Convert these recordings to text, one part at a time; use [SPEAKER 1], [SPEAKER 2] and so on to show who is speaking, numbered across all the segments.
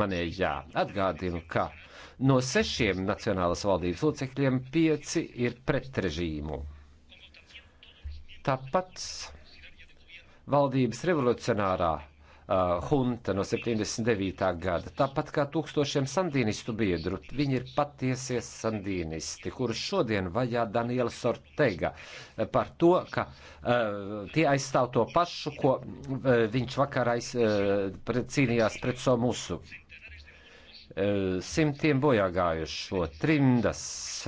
[SPEAKER 1] manējā. Atgādinu, ka no sešiem Nacionālas valdības locekļiem pieci ir pret režīmu. Tāpat valdības revolucionārā uh, hunta no 79. gada. Tāpat kā tūkstošiem sandīnistu biedru, viņi ir patiesie sandīnisti, kurus šodien vajā Daniela Sortega par to, ka uh, tie aizstāv to pašu, ko uh, viņš vakarā aiz, uh, cīnījās pret Somusu. Eh, simtiem bojāgājušo, trimdas,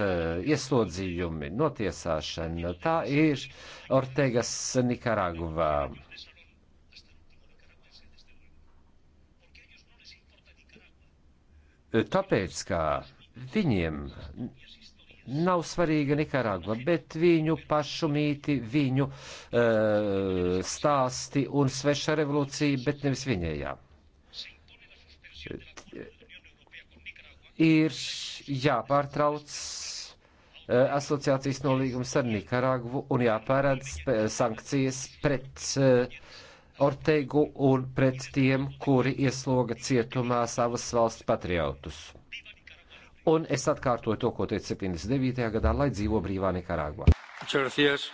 [SPEAKER 1] eh, ieslodzījumi, notiesāšana. Tā ir Ortegas Nikaragvā. Eh, tāpēc, kā viņiem nav svarīga Nikaragva, bet viņu pašu mīti, viņu uh, stāsti un sveša revolūcija, bet nevis viņējā ir jāpārtrauc e, asociācijas nolīgums ar Nikaragvu un jāpārādz sankcijas pret uh, e, Orteigu un pret tiem, kuri iesloga cietumā savas valsts patriotus. Un es atkārtoju to, ko teicu 79. gadā, lai dzīvo brīvā Nikaragvā. Čerties.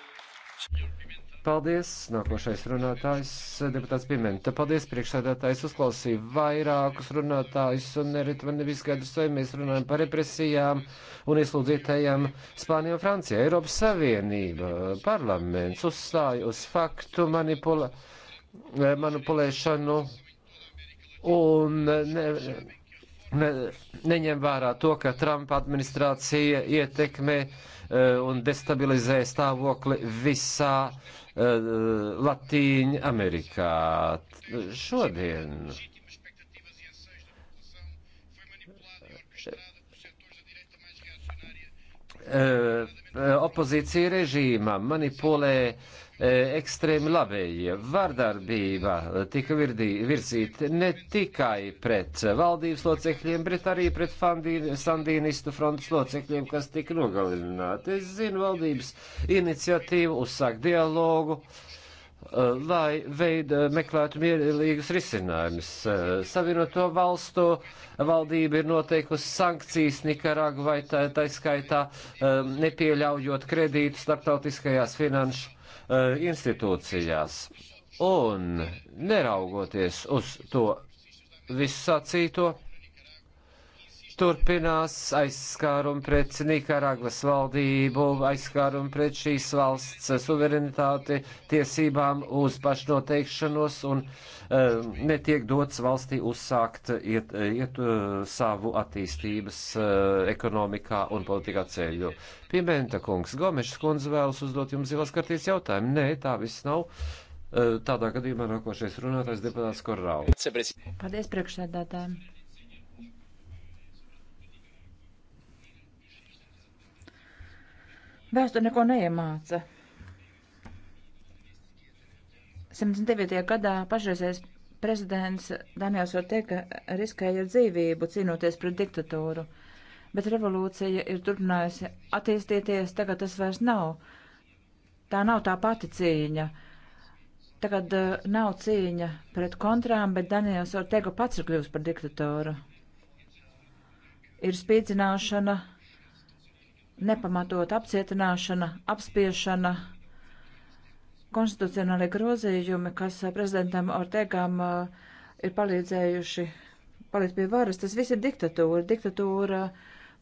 [SPEAKER 1] Paldies, nākošais runātājs, deputāts Pimenta. Paldies, priekšsēdētājs, uzklausīju vairākus runātājus un nerit man nevis gadus, vai mēs runājam par represijām un ieslūdzītajām Spānijā un Francijā. Eiropas Savienība, parlaments uzstāja uz faktu manipula, manipulēšanu un. Ne, ne, neņem vērā to, ka Trumpa administrācija ietekmē uh, un destabilizē stāvokli visā uh, Eh, Latīņa Amerikā. Šodien eh, eh, opozīcija režīmam manipulē uh, E, ekstrēmi labējie. Vardarbība tika virzīta ne tikai pret valdības locekļiem, bet arī pret sandīnistu frontes locekļiem, kas tika nogalināti. Es zinu valdības iniciatīvu uzsākt dialogu e, lai veida, e, meklētu mierīgus risinājumus. Savienoto valstu valdība ir noteikusi sankcijas Nikaragvai, tā, tā skaitā nepieļaujot kredītu starptautiskajās finanšu Eh, institūcijās. Un neraugoties uz to visu sacīto, turpinās aizskārumi pret Nikaragvas valdību, aizskārumi pret šīs valsts suverenitāti, tiesībām uz pašnoteikšanos un um, netiek dots valstī uzsākt iet, iet, uh, savu attīstības uh, ekonomikā un politikā ceļu. Pimenta kungs, Gomešs kundze vēlas uzdot jums zilās kartītes jautājumu. Nē, tā viss nav. Uh, tādā gadījumā nākošais runātājs deputāts Korrau. Paldies
[SPEAKER 2] priekšsēdētājiem. Vēsture neko neiemāca. 79. gadā pašreizējais prezidents Daniels Ortega riskēja ar dzīvību cīnoties pret diktatūru, bet revolūcija ir turpinājusi attīstīties, tagad tas vairs nav. Tā nav tā pati cīņa. Tagad uh, nav cīņa pret kontrām, bet Daniels Ortega pats ir kļuvis par diktatoru. Ir spīdzināšana nepamatot apcietināšana, apspiešana, konstitucionālie grozījumi, kas eh, prezidentam Ortegam eh, ir palīdzējuši palikt pie varas, tas viss ir diktatūra, diktatūra,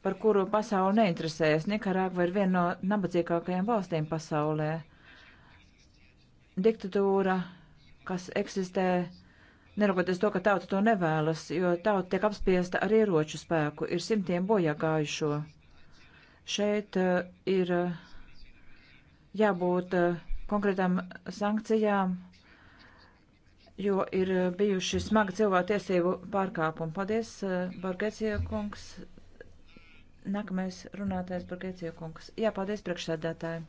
[SPEAKER 2] par kuru pasauli neinteresējas. Nikaragva ir viena no nabadzīgākajām valstīm pasaulē. Diktatūra, kas eksistē, neraugoties to, ka tauta to nevēlas, jo tauta tiek apspiesta ar ieroču spēku, ir simtiem bojā gājušo. Šeit uh, ir uh, jābūt uh, konkrētām sankcijām, jo ir uh, bijuši smagi cilvēku tiesību pārkāpumi. Paldies, uh, Bargecija kungs. Nākamais runātājs Bargecija kungs. Jā, paldies priekšsēdētāji.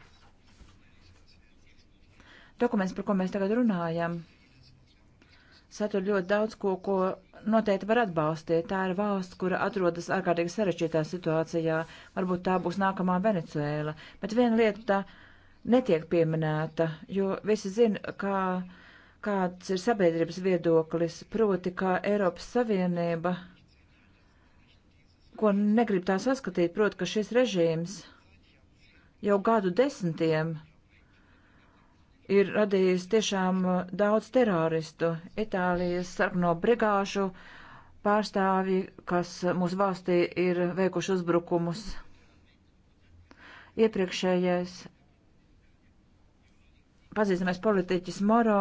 [SPEAKER 2] Dokuments, par ko mēs tagad runājam satur ļoti daudz ko, ko noteikti var atbalstīt. Tā ir valsts, kura atrodas ārkārtīgi sarežģītā situācijā. Varbūt tā būs nākamā Venecuēla. Bet viena lieta tā netiek pieminēta, jo visi zina, kā, kāds ir sabiedrības viedoklis, proti, kā Eiropas Savienība, ko negrib tā saskatīt, proti, ka šis režīms jau gadu desmitiem ir radījis tiešām uh, daudz teroristu. Itālijas sarkano brigāžu pārstāvji, kas uh, mūsu valstī ir veikuši uzbrukumus. Iepriekšējais pazīstamais politiķis Moro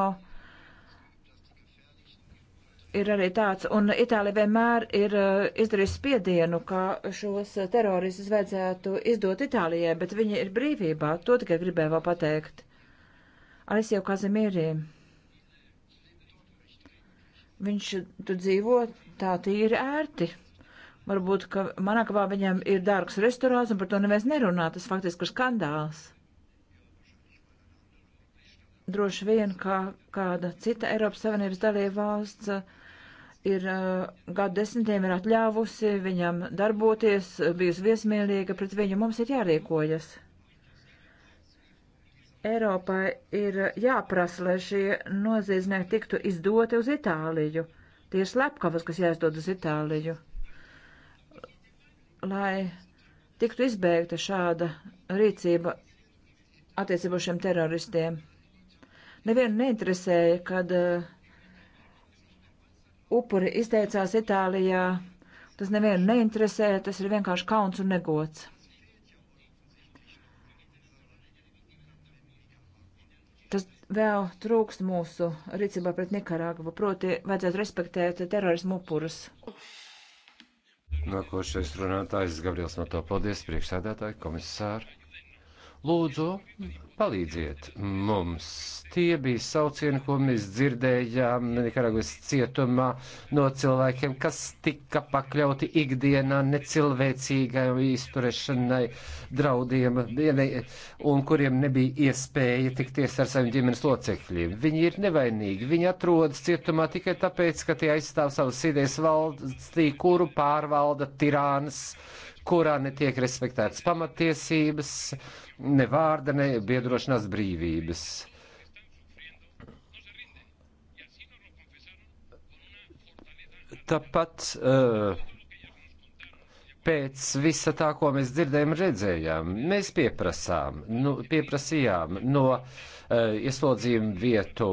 [SPEAKER 2] ir arī tāds, un Itālija vienmēr ir uh, izdarījusi spiedienu, ka šos teroristus vajadzētu izdot Itālijai, bet viņi ir brīvībā. To tikai gribēju vēl pateikt. Alessio Kazemīrī. Viņš tur dzīvo tā tīri ērti. Varbūt, ka Manakavā viņam ir dārgs restorāns, un par to neviens nerunā. Tas faktiski ir skandāls. Droši vien, kā kāda cita Eiropas Savienības dalība valsts uh, ir uh, gadu desmitiem ir atļāvusi viņam darboties, bijusi viesmīlīga, pret viņu mums ir jārīkojas. Eiropai ir jāprasa, lai šie noziedznieki tiktu izdoti uz Itāliju. Tie ir slepkavas, kas jāizdod uz Itāliju. Lai tiktu izbeigta šāda rīcība attiecībā šiem teroristiem. Nevienu neinteresēja, kad uh, upuri izteicās Itālijā. Tas nevienu neinteresēja, tas ir vienkārši kauns un negods. vēl trūkst mūsu rīcībā pret Nikaragvu, proti vajadzētu respektēt terorismu upurus.
[SPEAKER 1] Nākošais runātājs Gabriels no to paldies, priekšsēdētāji, komisāri. Lūdzu, Palīdziet mums! Tie bija saucieni, ko mēs dzirdējām Nikaragvas cietumā no cilvēkiem, kas tika pakļauti ikdienā necilvēcīgai izturēšanai, draudiem, un kuriem nebija iespēja tikties ar saviem ģimenes locekļiem. Viņi ir nevainīgi. Viņi atrodas cietumā tikai tāpēc, ka tie aizstāv savas idejas valstī, kuru pārvalda tirānas kurā netiek respektētas pamatiesības, ne vārda, ne biedrošanās brīvības. Tāpat uh, pēc visa tā, ko mēs dzirdējām, redzējām, mēs pieprasām, nu, pieprasījām no uh, eh, ieslodzījuma vietu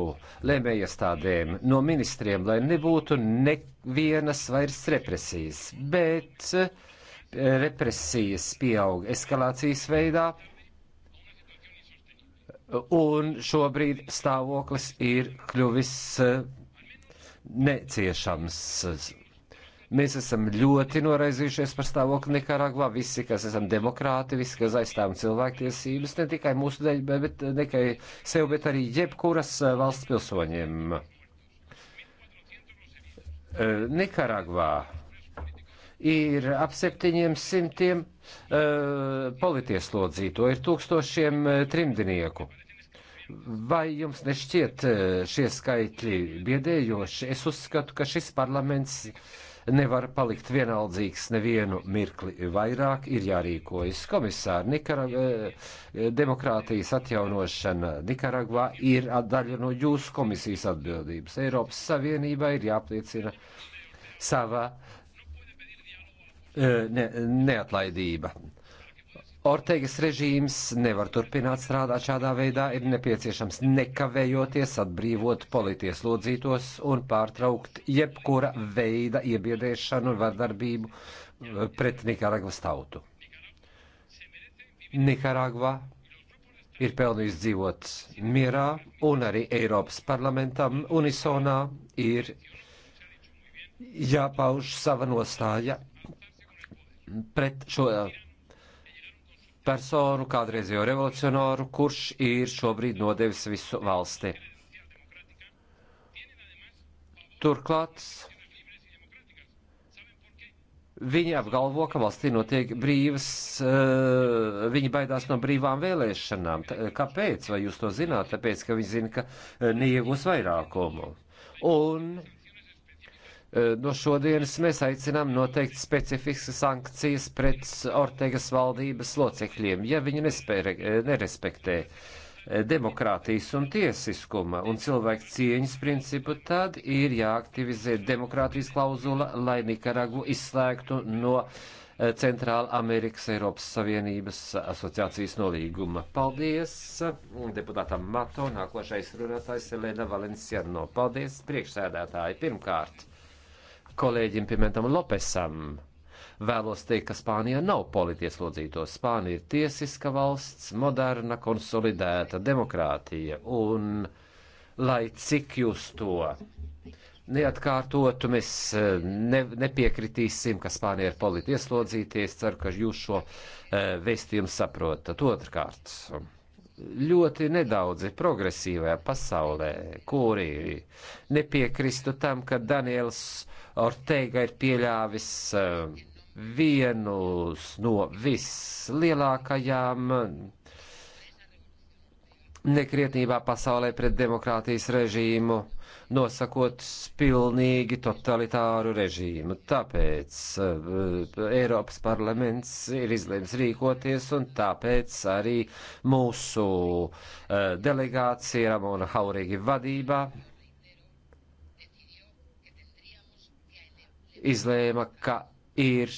[SPEAKER 1] lēmējiestādēm, no ministriem, lai nebūtu nevienas vairs represijas. Bet uh, represijas pieaug eskalācijas veidā, un šobrīd stāvoklis ir kļuvis eh, neciešams. Mēs esam ļoti noraizījušies par stāvokli Nikaragvā. Visi, kas esam demokrāti, visi, kas aizstāvam cilvēktiesības, ne tikai mūsu dēļ, bet eh, ne tikai sev, bet arī jebkuras eh, valsts pilsoņiem. Nikaragvā ir ap septiņiem simtiem uh, politieslodzīto, ir tūkstošiem eh, trimdinieku. Vai jums nešķiet eh, šie skaitļi biedējoši? Es uzskatu, ka šis parlaments nevar palikt vienaldzīgs nevienu mirkli vairāk, ir jārīkojas. Komisāri, Nikara, demokrātijas atjaunošana Nikaragvā ir daļa no jūsu komisijas atbildības. Eiropas Savienībai ir jāpliecina savā uh, Eh, ne, neatlaidība. Ortegas režīms nevar turpināt strādāt šādā veidā, ir nepieciešams nekavējoties atbrīvot politieslodzītos un pārtraukt jebkura veida iebiedēšanu un vardarbību eh, pret Nikaragvas tautu. Nikaragva ir pelnījusi dzīvot mierā, un arī Eiropas parlamentam unisonā ir jāpauž sava nostāja pret šo eh, personu, kādreizējo revolucionāru, kurš ir šobrīd nodevis visu valsti. Turklāt Viņi apgalvo, ka valstī notiek brīvas, eh, viņi baidās no brīvām vēlēšanām. Eh, kāpēc? Vai jūs to zināt? Tāpēc, ka viņi zina, ka neiegūs vairākumu. Un Eh, no šodienas mēs aicinām noteikt specifiskas sankcijas pret Ortegas valdības locekļiem, ja viņi nespēja, eh, nerespektē eh, demokrātijas un tiesiskuma un cilvēku cieņas principu, tad ir jāaktivizē demokrātijas klauzula, lai Nikaragu izslēgtu no Centrāla Amerikas Eiropas Savienības asociācijas nolīguma. Paldies mm, deputātam Mato, nākošais runātājs Elena Valenciano. Paldies priekšsēdētāji pirmkārt kolēģim Pimentam Lopesam. Vēlos teikt, ka Spānijā nav politieslodzīto. Spānija ir tiesiska valsts, moderna, konsolidēta demokrātija, un lai cik jūs to neatkārtotu, mēs eh, ne, nepiekritīsim, ka Spānija ir politieslodzīties. Ceru, ka jūs šo eh, vēstījumu saprotat. Otrkārt ļoti nedaudzi progresīvajā pasaulē, kuri nepiekristu tam, ka Daniels Ortega ir pieļāvis eh, vienus no vislielākajām nekrietnībā pasaulē pret demokrātijas režīmu, nosakot pilnīgi totalitāru režīmu. Tāpēc uh, Eiropas parlaments ir izlēms rīkoties, un tāpēc arī mūsu uh, delegācija Ramona Haurīgi vadībā izlēma, ka ir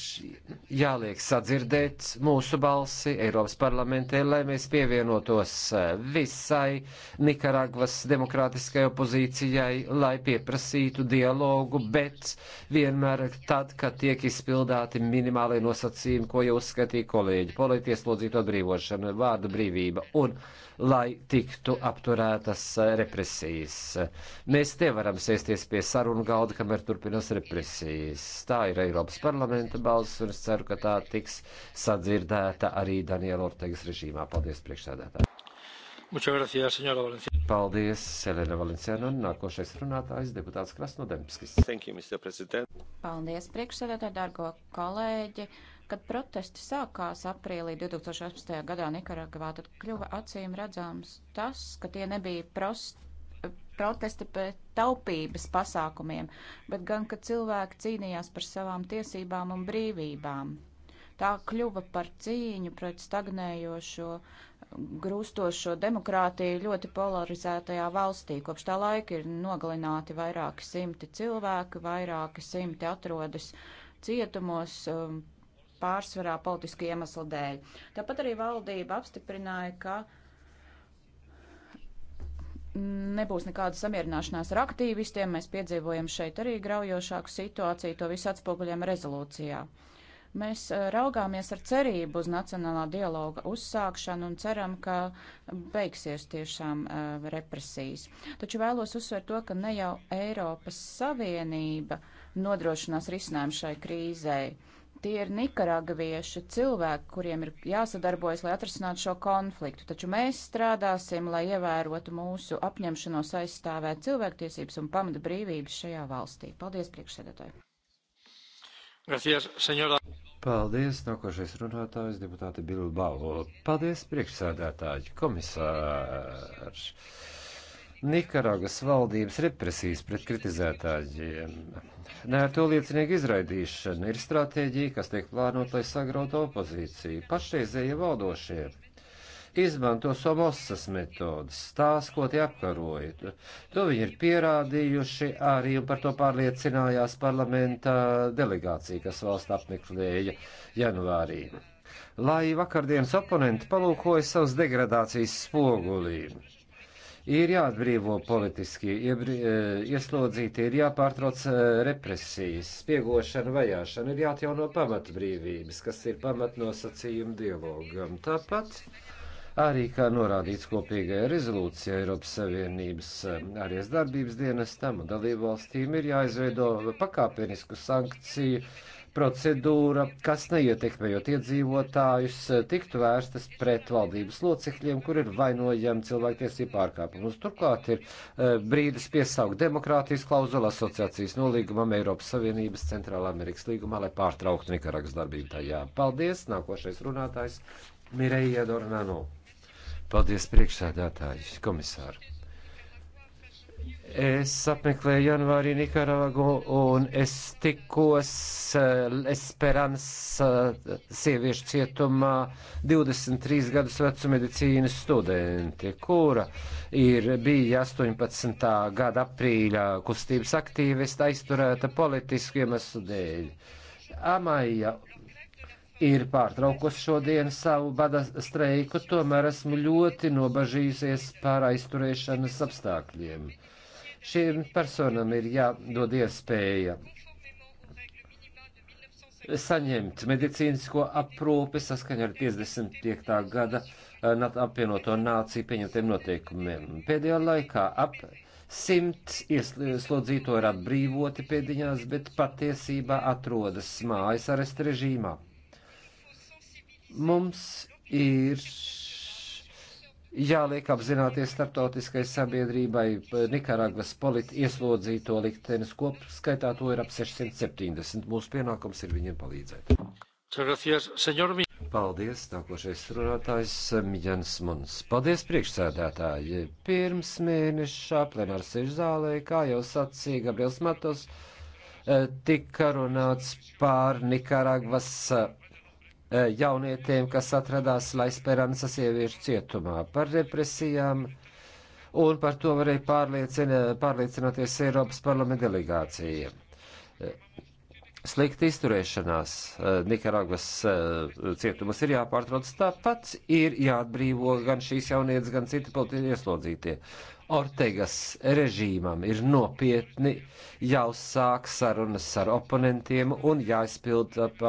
[SPEAKER 1] jāliek sadzirdēt mūsu balsi Eiropas parlamentē, lai mēs pievienotos eh, visai Nikaragvas demokrātiskai opozīcijai, lai pieprasītu dialogu, bet vienmēr tad, kad tiek izpildāti minimālie nosacījumi, ko jau uzskatīja kolēģi - politieslodzīto atbrīvošana, vārda brīvība un lai tiktu apturētas eh, represijas. Mēs nevaram sēsties pie sarunu galda, kamēr turpinās represijas. Tā ir Eiropas parlamenta balss, un es ceru, ka tā tiks sadzirdēta arī Daniela Ortegas režīmā. Paldies, priekšsēdētāji! Gracias, Paldies, Elena Valenciana. Nākošais runātājs deputāts Krasnodemskis.
[SPEAKER 3] Paldies, priekšsēdētāji, dargo kolēģi. Kad protesti sākās aprīlī 2018. gadā Nikaragvā, tad kļuva acīm redzams tas, ka tie nebija prosti protesti pret taupības pasākumiem, bet gan, ka cilvēki cīnījās par savām tiesībām un brīvībām. Tā kļuva par cīņu pret stagnējošo, grūstošo demokrātiju ļoti polarizētajā valstī. Kopš tā laika ir nogalināti vairāki simti cilvēki, vairāki simti atrodas cietumos, um, pārsvarā politisku iemeslu dēļ. Tāpat arī valdība apstiprināja, ka nebūs nekāda samierināšanās ar aktīvistiem. Mēs piedzīvojam šeit arī graujošāku situāciju, to visu atspoguļam rezolūcijā. Mēs eh, raugāmies ar cerību uz nacionālā dialoga uzsākšanu un ceram, ka beigsies tiešām uh, represijas. Taču vēlos uzsvērt to, ka ne jau Eiropas Savienība nodrošinās risinājumu šai krīzei. Uh, Tie ir nikaragvieši cilvēki, kuriem ir jāsadarbojas, lai atrasinātu šo konfliktu, taču mēs strādāsim, lai ievērotu mūsu apņemšanos aizstāvēt cilvēktiesības un pamata brīvības šajā valstī. Paldies, priekšsēdētāji!
[SPEAKER 1] Gracias, senora. Paldies, nākošais runātājs, deputāte Bilbao. Paldies, priekšsēdētāji, komisārs. Nikaragas valdības represijas pret kritizētājiem. Nē, to liecinieku izraidīšana ir stratēģija, kas tiek plānota, lai sagrautu opozīciju. Pašreizējie valdošie izmanto somosas metodas, tās, ko tie apkaroja. To viņi ir pierādījuši arī, un par to pārliecinājās parlamenta delegācija, kas valsts apmeklēja janvārī. Lai vakardienas oponenti palūkoja savas degradācijas spogulīm Ir jāatbrīvo politiski iebri, e, ieslodzīti, ir jāpārtrauc e, represijas, spiegošana, vajāšana, ir jāatjauno pamatbrīvības, kas ir pamatnosacījumi dialogam. Tāpat arī, kā norādīts kopīgajā rezolūcijā Eiropas Savienības e, arī darbības dienestam un dalībvalstīm, ir jāizveido pakāpenisku sankciju procedūra, kas neietekmējot iedzīvotājus, tiktu vērstas pret valdības locekļiem, kur ir vainojami cilvēktiesību pārkāpumus. Turklāt ir uh, brīdis piesaukt demokrātijas klauzulu asociācijas nolīgumam Eiropas Savienības Centrāla Amerikas līgumā, lai pārtrauktu Nikaragas darbību tajā. Paldies! Nākošais runātājs Mireja Dornano. Paldies priekšsēdētājs, komisāri! Es apmeklēju janvārī Nikaragu un es tikos eh, Esperans eh, sieviešu cietumā 23 gadus vecu medicīnas studenti, kura ir bija 18. gada aprīļā kustības aktīvista aizturēta politisku iemeslu dēļ. Amaija ir pārtraukusi šodien savu bada streiku, tomēr esmu ļoti nobažījusies par aizturēšanas apstākļiem. Šiem personam ir jādod iespēja saņemt medicīnisko aprūpi saskaņā ar 55. gada eh, apvienoto nāciju pieņemtiem noteikumiem. Pēdējā laikā ap simts ieslodzīto ir atbrīvoti pēdiņās, bet patiesībā atrodas mājas arest režīmā. Mums ir jāliek apzināties starptautiskai sabiedrībai eh, Nikaragvas politi ieslodzīto liktenes kopskaitā to ir ap 670. Mūsu pienākums ir viņiem palīdzēt. Paldies, nākošais runātājs Mjans eh, Muns. Paldies, priekšsēdētāji. Pirms mēneša plenārs ir zālē, kā jau sacīja Gabriels Matos, eh, tika runāts pār Nikaragvas Eh, jaunietiem, kas atradās Laisperansa sieviešu cietumā, par represijām, un par to varēja pārliecināties Eiropas parlamenta delegācijiem slikta izturēšanās eh, Nikaragvas eh, cietumas ir jāpārtrauc. Tāpat ir jāatbrīvo gan šīs jaunietes, gan citi politiski ieslodzītie. Ortegas režīmam ir nopietni jāuzsāk sarunas ar oponentiem un jāizpild eh,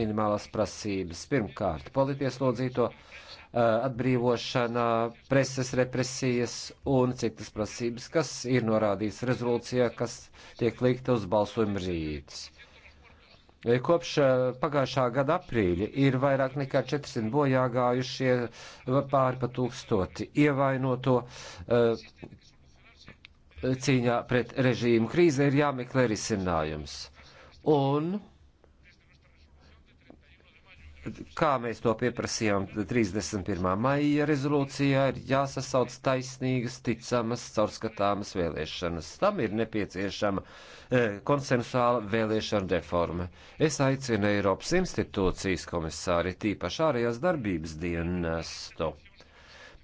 [SPEAKER 1] minimālās prasības. Pirmkārt, politieslodzīto atbrīvošana, preses represijas un citas prasības, kas ir norādīts rezolūcijā, kas tiek likta uz balsojumu rīts Eh, kopš eh, pagājušā gada aprīļa ir vairāk nekā 400 bojā gājušie, pāri pa tūkstoti ievainoto eh, cīņā pret režīmu. Krīze ir jāmeklē risinājums. Un kā mēs to pieprasījām 31. maija rezolūcijā, ir jāsasauc taisnīgas, ticamas, caurskatāmas vēlēšanas. Tam ir nepieciešama e, konsensuāla vēlēšana reforma. Es aicinu Eiropas institūcijas komisāri, tīpaši ārējās darbības dienestu,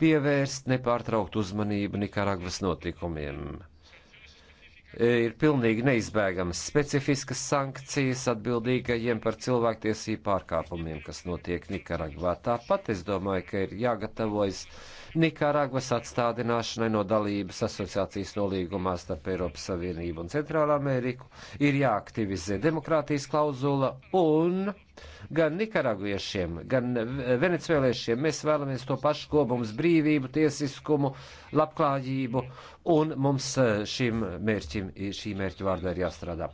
[SPEAKER 1] pievērst nepārtraukt uzmanību Nikaragvas notikumiem ir pilnīgi neizbēgamas specifiskas sankcijas atbildīgajiem par cilvēktiesību pārkāpumiem, kas notiek Nikaragvā. Tāpat es domāju, ka ir jāgatavojas uh, Nikaragvas atstādināšanai no dalības asociācijas nolīgumā starp Eiropas Savienību un Centrālā Ameriku, ir jāaktivizē demokrātijas klauzula un gan nikaraguiešiem, gan venecuēliešiem mēs vēlamies to pašu, ko mums brīvību, tiesiskumu, labklājību, un mums eh, šim mērķim, šī mērķa vārdā ir jāstrādā.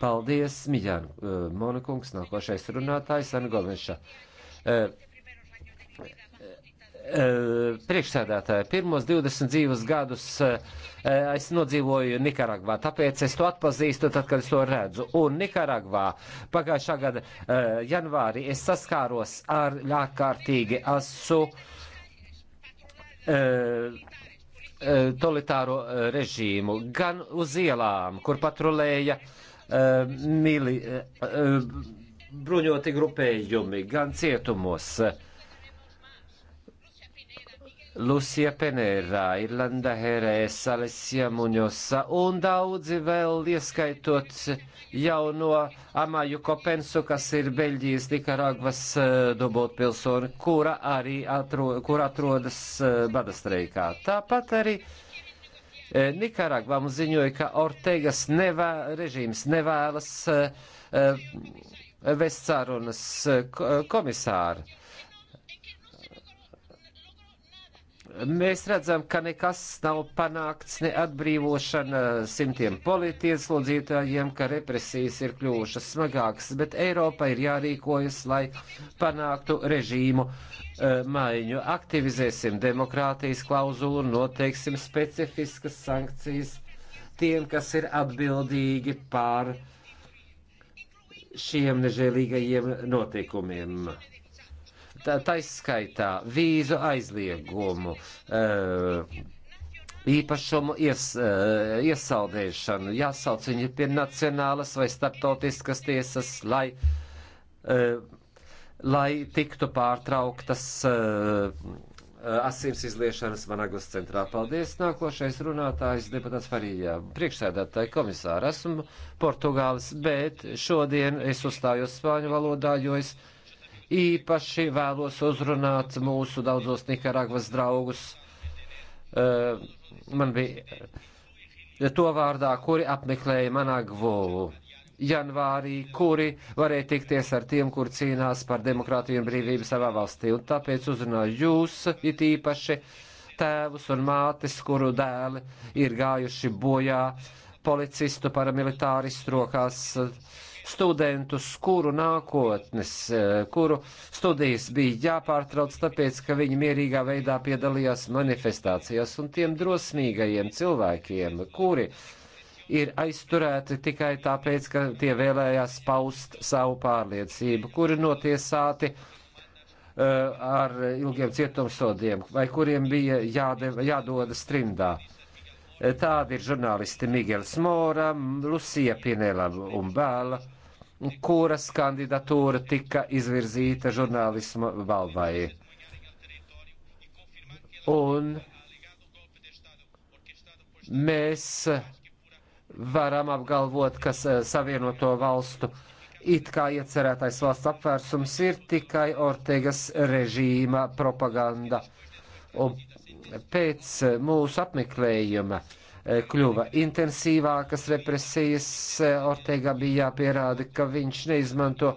[SPEAKER 1] Paldies, Miļāna eh, Monikungs, nākošais runātājs, Anna Golniša. Eh, Eh, priekšsēdētāji, pirmos 20 dzīves gadus eh, es nodzīvoju Nikaragvā, tāpēc es to atpazīstu tad, kad es to redzu. Un Nikaragvā pagājušā gada eh, janvārī es saskāros ar ļākārtīgi asu totalitāro režīmu, gan uz ielām, kur patrulēja mili, bruņoti grupējumi, gan cietumos. Uh, Lucija Penērā, Irlanda Herēsa, Alessia Muņosa un daudzi vēl, ieskaitot jauno Amaju Kopensu, kas ir Beļģijas Nikaragvas eh, dubultpilsoni, kura arī atro, kur atrodas eh, badastreikā. Tāpat arī eh, Nikaragvā mums ziņoja, ka Ortegas nevē, režīms nevēlas vest sarunas komisāru Mēs redzam, ka nekas nav panākts, ne atbrīvošana simtiem politieslodzītājiem, ka represijas ir kļuvušas smagākas, bet Eiropa ir jārīkojas, lai panāktu režīmu e, maiņu. Aktivizēsim demokrātijas klauzulu, noteiksim specifiskas sankcijas tiem, kas ir atbildīgi pār šiem nežēlīgajiem notikumiem taiskaitā vīzu aizliegumu. Uh, īpašumu ies, eh, iesaldēšanu, jāsauc viņu pie nacionālas vai starptautiskas tiesas, lai, eh, lai tiktu pārtrauktas asins izliešanas Managlas centrā. Paldies! Nākošais runātājs deputāts Farijā. Priekšsēdētāji komisāri, esmu Portugālis, bet šodien es uzstājos spāņu valodā, jo es Īpaši vēlos uzrunāt mūsu daudzos Nikaragvas draugus. Eh, man bija to vārdā, kuri apmeklēja Managvovu janvārī, kuri varēja tikties ar tiem, kur cīnās par demokrātiju un brīvību savā valstī. Un tāpēc uzrunāju jūs it īpaši tēvus un mātes, kuru dēli ir gājuši bojā policistu paramilitāristu rokās. Uh, studentus, kuru nākotnes, eh, kuru studijas bija jāpārtrauc, tāpēc, ka viņi mierīgā veidā piedalījās manifestācijās, un tiem drosmīgajiem cilvēkiem, kuri ir aizturēti tikai tāpēc, ka tie vēlējās paust savu pārliecību, kuri notiesāti eh, ar ilgiem cietumsodiem, vai kuriem bija jāde, jādodas trimdā. Tādi ir žurnālisti Migels Mora, Lucija Pinela un Bēla, kuras kandidatūra tika izvirzīta žurnālisma balvai. Un mēs varam apgalvot, ka savienoto valstu it kā iecerētais valsts apvērsums ir tikai Ortegas režīma propaganda un pēc eh, mūsu apmeklējuma eh, kļuva intensīvākas represijas. Eh, Ortega bija jāpierāda, ka viņš neizmanto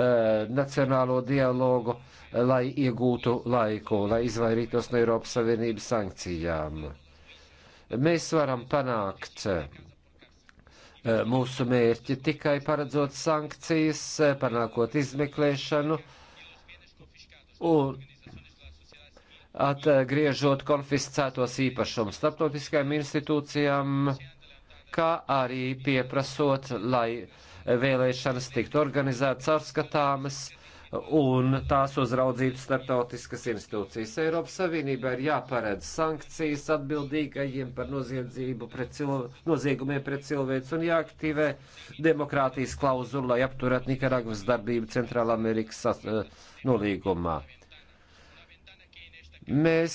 [SPEAKER 1] nacionālo dialogu, lai iegūtu laiku, lai izvairītos no Eiropas Savienības sankcijām. Mēs varam panākt mūsu mērķi tikai paredzot sankcijas, panākot izmeklēšanu un atgriežot konfiscētos īpašumus starptautiskajām institūcijām, kā arī pieprasot, lai vēlēšanas tiktu organizētas atskatāmas un tās uzraudzītu starptautiskas institūcijas. Eiropas Savienībā ir jāparedz sankcijas atbildīgajiem par pret cilv... noziegumiem pret cilvēks un jāaktivē demokrātijas klauzula, lai apturētu Nikaragvas darbību Centrāla Amerikas eh, nolīgumā. Mēs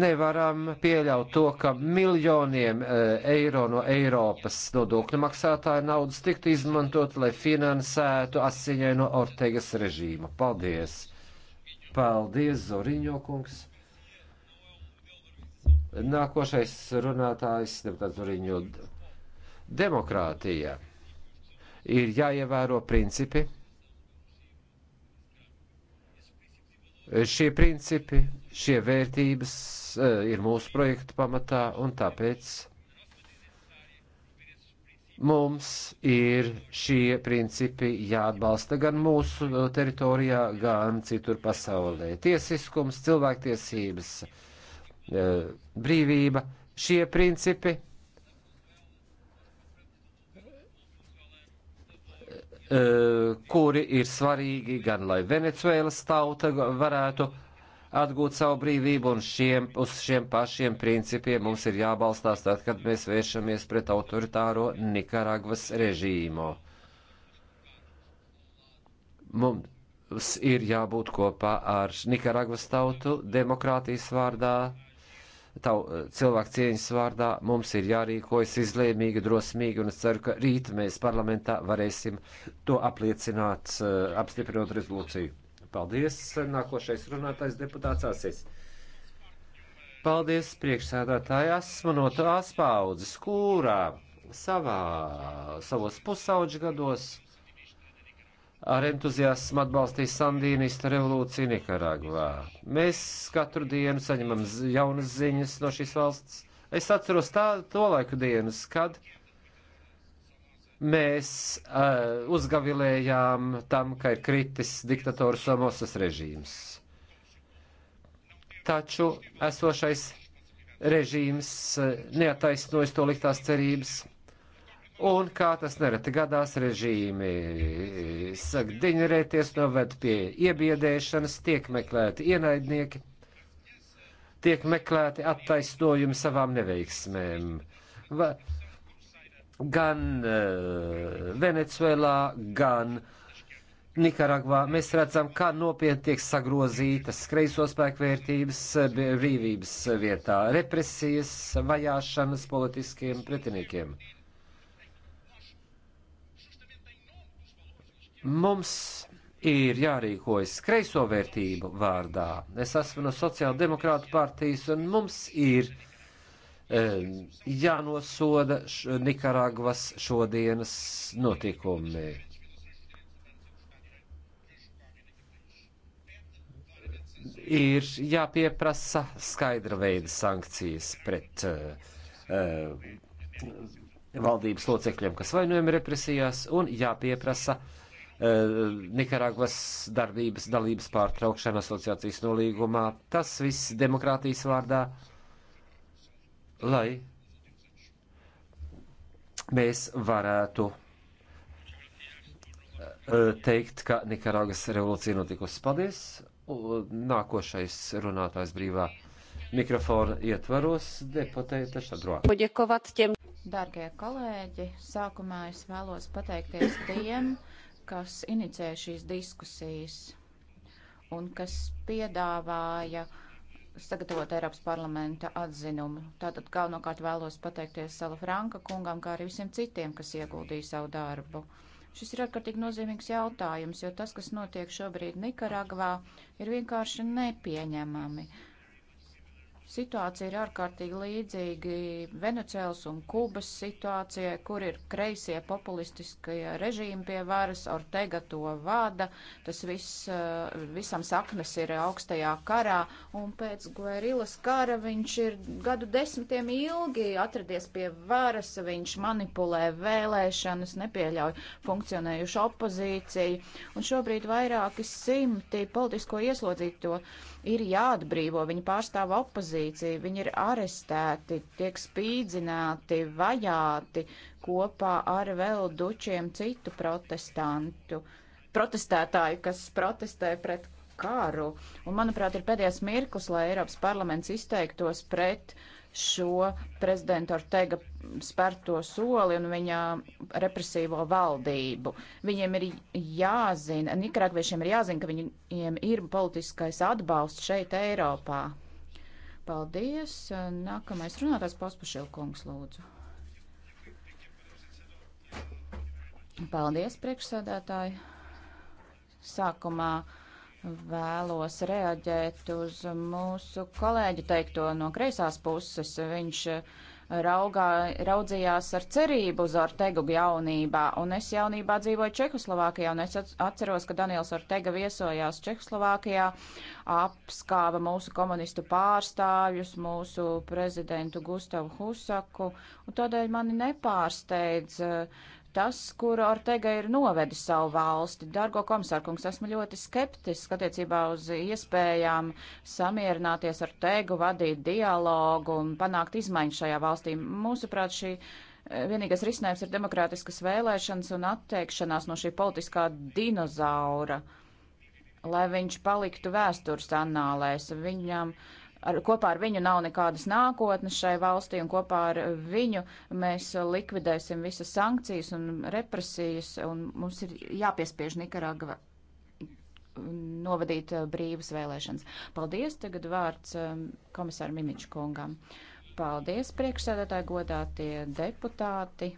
[SPEAKER 1] nevaram pieļaut to, ka miljoniem e, eiro no Eiropas nodokļu maksātāju naudas tiktu izmantot, lai finansētu asiņai no Ortegas režīma. Paldies! Paldies, Zoriņo kungs! Nākošais runātājs, deputāts Zoriņo, demokrātija. Ir jāievēro principi Šie principi, šie vērtības e, ir mūsu projektu pamatā, un tāpēc mums ir šie principi jāatbalsta gan mūsu e, teritorijā, gan citur pasaulē. Tiesiskums, cilvēktiesības, e, brīvība, šie principi Eh, kuri ir svarīgi gan lai Venecuēlas tauta varētu atgūt savu brīvību, un šiem, uz šiem pašiem principiem mums ir jābalstās tad, kad mēs vēršamies pret autoritāro Nikaragvas režīmu. Mums ir jābūt kopā ar Nikaragvas tautu demokrātijas vārdā, tau, eh, cilvēku cieņas vārdā mums ir jārīkojas izlēmīgi, drosmīgi, un es ceru, ka rīt mēs parlamentā varēsim to apliecināt, eh, apstiprinot rezolūciju. Paldies, eh, nākošais runātais deputāts Asis. Paldies, priekšsēdētāji, esmu no tās paudzes, kurā savā, savos pusauģgados gados ar entuziasmu atbalstīs Sandīnista revolūciju Nikaragvā. Mēs katru dienu saņemam jaunas ziņas no šīs valsts. Es atceros tā, to laiku dienas, kad mēs uh, uzgavilējām tam, ka ir kritis diktatora Samosas režīms. Taču esošais režīms eh, neataisnojas to liktās cerības Un kā tas nereti gadās, režīmi sāk diņerēties, noved pie iebiedēšanas, tiek meklēti ienaidnieki, tiek meklēti attaisnojumi savām neveiksmēm. Va, gan uh, Venecuēlā, gan Nikaragvā mēs redzam, kā nopietni tiek sagrozītas kreiso spēku vērtības brīvības vietā, represijas, vajāšanas politiskiem pretiniekiem. Mums ir jārīkojas kreiso vērtību vārdā. Es esmu no sociāldemokrātu partijas, un mums ir jānosoda š, Nikaragvas šodienas notikumi. Ir jāpieprasa skaidra veida sankcijas pret uh, valdības locekļiem, kas vainojami represijās, un jāpieprasa uh, Eh, Nikaragvas darbības dalības pārtraukšana asociācijas nolīgumā. Tas viss demokrātijas vārdā, lai mēs varētu eh, teikt, ka Nikaragvas revolūcija notikusi. Paldies! Nākošais runātājs brīvā mikrofona ietvaros deputēta Šadroa.
[SPEAKER 3] Poģekovat tiem. Dargie kolēģi, sākumā es vēlos pateikties tiem, kas inicēja šīs diskusijas un kas piedāvāja sagatavot Eiropas parlamenta atzinumu. Tātad galvenokārt vēlos pateikties Sala Franka kungam, kā arī visiem citiem, kas ieguldīja savu darbu. Šis ir ārkārtīgi nozīmīgs jautājums, jo tas, kas notiek šobrīd Nikaragvā, ir vienkārši nepieņemami. Uh, Situācija ir ārkārtīgi līdzīga Venecēlas un Kubas situācijai, kur ir kreisie populistiskie režīmi pie varas, Ortega to vada, tas viss, eh, visam saknes ir augstajā karā, un pēc Guerilas kara viņš ir gadu desmitiem ilgi atradies pie varas, viņš manipulē vēlēšanas, nepieļauj funkcionējušu opozīciju, un šobrīd vairāki simti politisko ieslodzīto. To ir jāatbrīvo, viņi pārstāv opozīciju, viņi ir arestēti, tiek spīdzināti, vajāti kopā ar vēl dučiem citu protestantu, protestētāju, kas protestē pret karu. Un, manuprāt, ir pēdējais mirklis, lai Eiropas parlaments izteiktos pret uh, šo prezidenta Ortega spērto soli un viņa represīvo valdību. Viņiem ir jāzina, nikaragviešiem ir jāzina, ka viņiem ir politiskais atbalsts šeit Eiropā. Paldies. Nākamais runātājs Paspašilkungs, lūdzu. Paldies, priekšsēdētāji. Sākumā Vēlos reaģēt uz mūsu kolēģi teikto no kreisās puses. Viņš eh, raugā, raudzījās ar cerību uz Ortegu jaunībā, un es jaunībā dzīvoju Čehoslovākijā, un es atceros, ka Daniels Ortega viesojās Čehoslovākijā, apskāva mūsu komunistu pārstāvjus, mūsu prezidentu Gustavu Husaku, un tādēļ mani nepārsteidz uh, tas, kur Ortega ir novedis savu valsti. Dargo komisārkungs, esmu ļoti skeptisks attiecībā uz iespējām samierināties ar Tegu, vadīt dialogu un panākt izmaiņu šajā valstī. Mūsuprāt, šī eh, vienīgais risinājums ir demokrātiskas vēlēšanas un atteikšanās no šī politiskā dinozaura, lai viņš paliktu vēstures annālēs. Viņam uh, ar, kopā ar viņu nav nekādas nākotnes šai valstī, un kopā ar viņu mēs likvidēsim visas sankcijas un represijas, un mums ir jāpiespiež Nikaragva novadīt eh, brīvas vēlēšanas. Paldies, tagad vārds eh, komisāram Mimiču kungam. Paldies, priekšsēdētāji, godātie deputāti.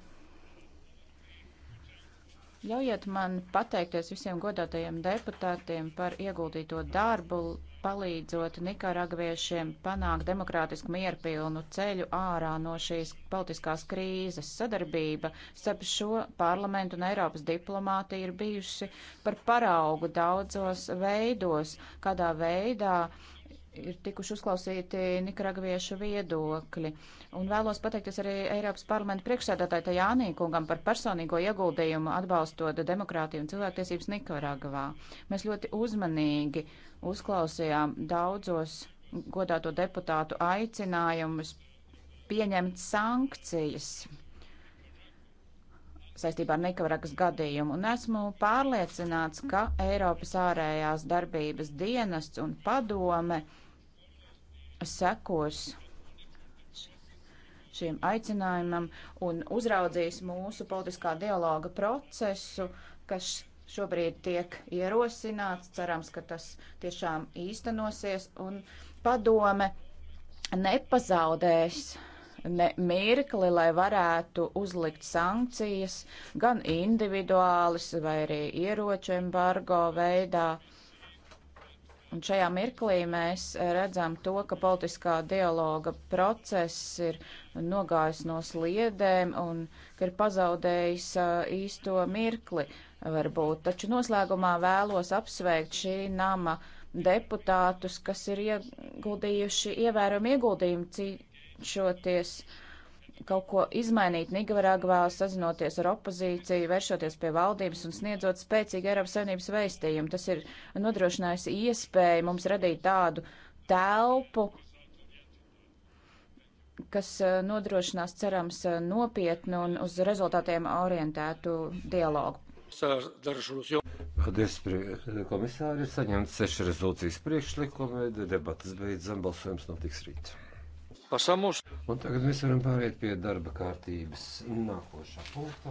[SPEAKER 3] Ļaujiet man pateikties visiem godātajiem deputātiem par ieguldīto darbu, palīdzot nikaragviešiem panākt demokrātisku mierpilnu ceļu ārā no šīs politiskās krīzes. Sadarbība starp šo parlamentu un Eiropas diplomātiju ir bijuši par paraugu daudzos veidos, kādā veidā uh, ir tikuši uzklausīti nikaragviešu viedokļi. Un vēlos pateikties arī Eiropas parlamenta priekšsēdētāja Tajānī kungam par personīgo ieguldījumu atbalstot demokrātiju un cilvēktiesības Nikaragvā. Mēs ļoti uzmanīgi uzklausījām daudzos godāto deputātu aicinājumus pieņemt sankcijas saistībā ar Nikavrakas gadījumu, un esmu pārliecināts, ka Eiropas ārējās darbības dienests un padome sekos šiem aicinājumam un uzraudzīs mūsu politiskā dialoga procesu, kas šobrīd tiek ierosināts. Cerams, ka tas tiešām īstenosies un padome nepazaudēs ne mirkli, lai varētu uzlikt sankcijas gan individuālis vai arī ieroču embargo veidā. Un šajā mirklī mēs redzam to, ka politiskā dialoga process ir nogājis no sliedēm un ka ir pazaudējis īsto mirkli varbūt. Taču noslēgumā vēlos apsveikt šī nama deputātus, kas ir ieguldījuši ievērumu ieguldījumu cīšoties uh, kaut ko izmainīt. Nigarāga vēlas sazinoties ar opozīciju, vēršoties pie valdības un sniedzot spēcīgu Eiropas Savienības vēstījumu. Tas ir nodrošinājis iespēju mums radīt tādu telpu, kas eh, nodrošinās, cerams, eh, nopietnu un uz rezultātiem orientētu dialogu.
[SPEAKER 1] Paldies, komisāri. Saņemts seši rezolūcijas priekšlikumi, debatas beidzam, balsojums notiks rīt. Pasamos. Un tagad mēs varam pāriet pie darba kārtības nākošā punkta.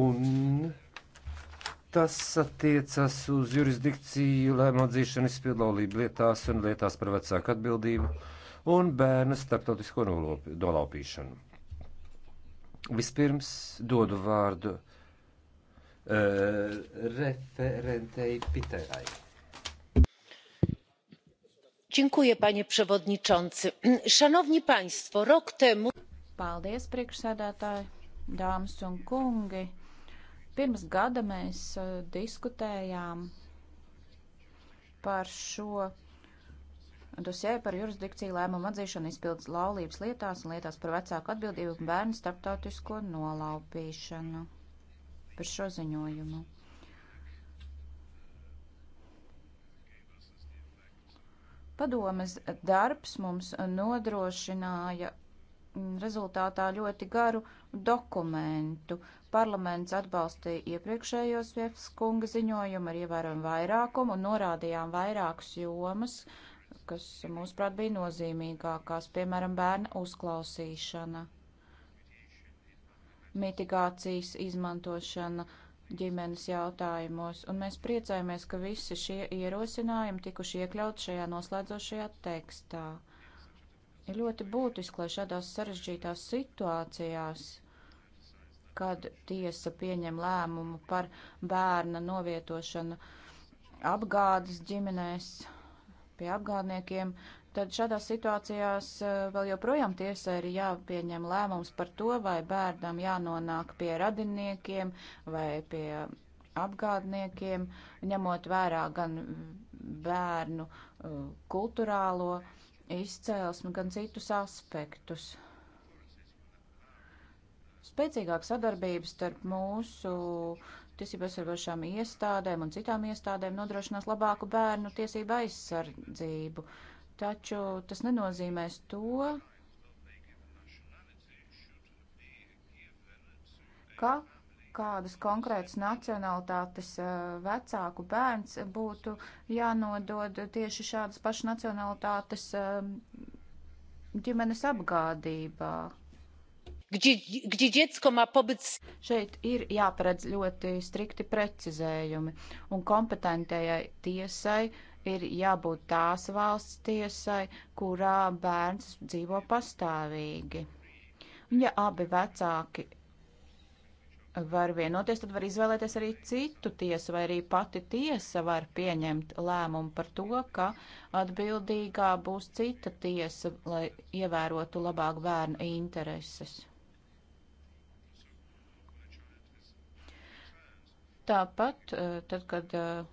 [SPEAKER 1] Un tas attiecas uz jurisdikciju lēmumu atzīšanu izpildlaulību lietās un lietās par vecāku atbildību un bērnu starptautisko nolaupīšanu. Vispirms dodu vārdu uh, referentei Piterai
[SPEAKER 3] panie przewodniczący! rok temu. paldies priekšsēdētāji dāmas un kungi! pirms gada mēs eh, diskutējām par šo dosē par jurisdikciju lēmumu atzīšanu izpildes laulības lietās un lietās par vecāku atbildību un bērnu starptautisko nolaupīšanu. Par šo ziņojumu. Padomes darbs mums nodrošināja mm, rezultātā ļoti garu dokumentu. Parlaments atbalstīja iepriekšējos Viefs kunga ziņojumu ar ievērojumu vairākumu un norādījām vairākas jomas, kas, mūsuprāt, bija nozīmīgākās, piemēram, bērna uzklausīšana, mitigācijas izmantošana, ģimenes jautājumos, un mēs priecājamies, ka visi šie ierosinājumi tikuši iekļaut šajā noslēdzošajā tekstā. Ir ļoti būtiski, lai šādās sarežģītās situācijās, kad tiesa pieņem lēmumu par bērna novietošanu apgādes ģimenēs pie apgādniekiem, tad šādās situācijās eh, vēl joprojām tiesai ir jāpieņem lēmums par to, vai bērnam jānonāk pie radiniekiem vai pie apgādniekiem, ņemot vērā gan bērnu eh, kultūrālo izcēlesmi, gan citus aspektus. Spēcīgāka sadarbība starp mūsu tiesību aizsargošām iestādēm un citām iestādēm nodrošinās labāku bērnu tiesību aizsardzību. Uh, taču tas nenozīmēs to, ka kādas konkrētas nacionalitātes eh, vecāku bērns būtu jānodod tieši šādas pašas nacionalitātes eh, ģimenes apgādībā. Gdzie, gdzie dziecko ma pobyt... Šeit ir jāparedz ļoti strikti precizējumi, un kompetentajai tiesai uh, ir jābūt tās valsts tiesai, kurā bērns dzīvo pastāvīgi. Un ja abi vecāki var vienoties, tad var izvēlēties arī citu tiesu, vai arī pati tiesa var pieņemt lēmumu par to, ka atbildīgā būs cita tiesa, lai ievērotu labāk bērna intereses. Tāpat, eh, tad, kad eh,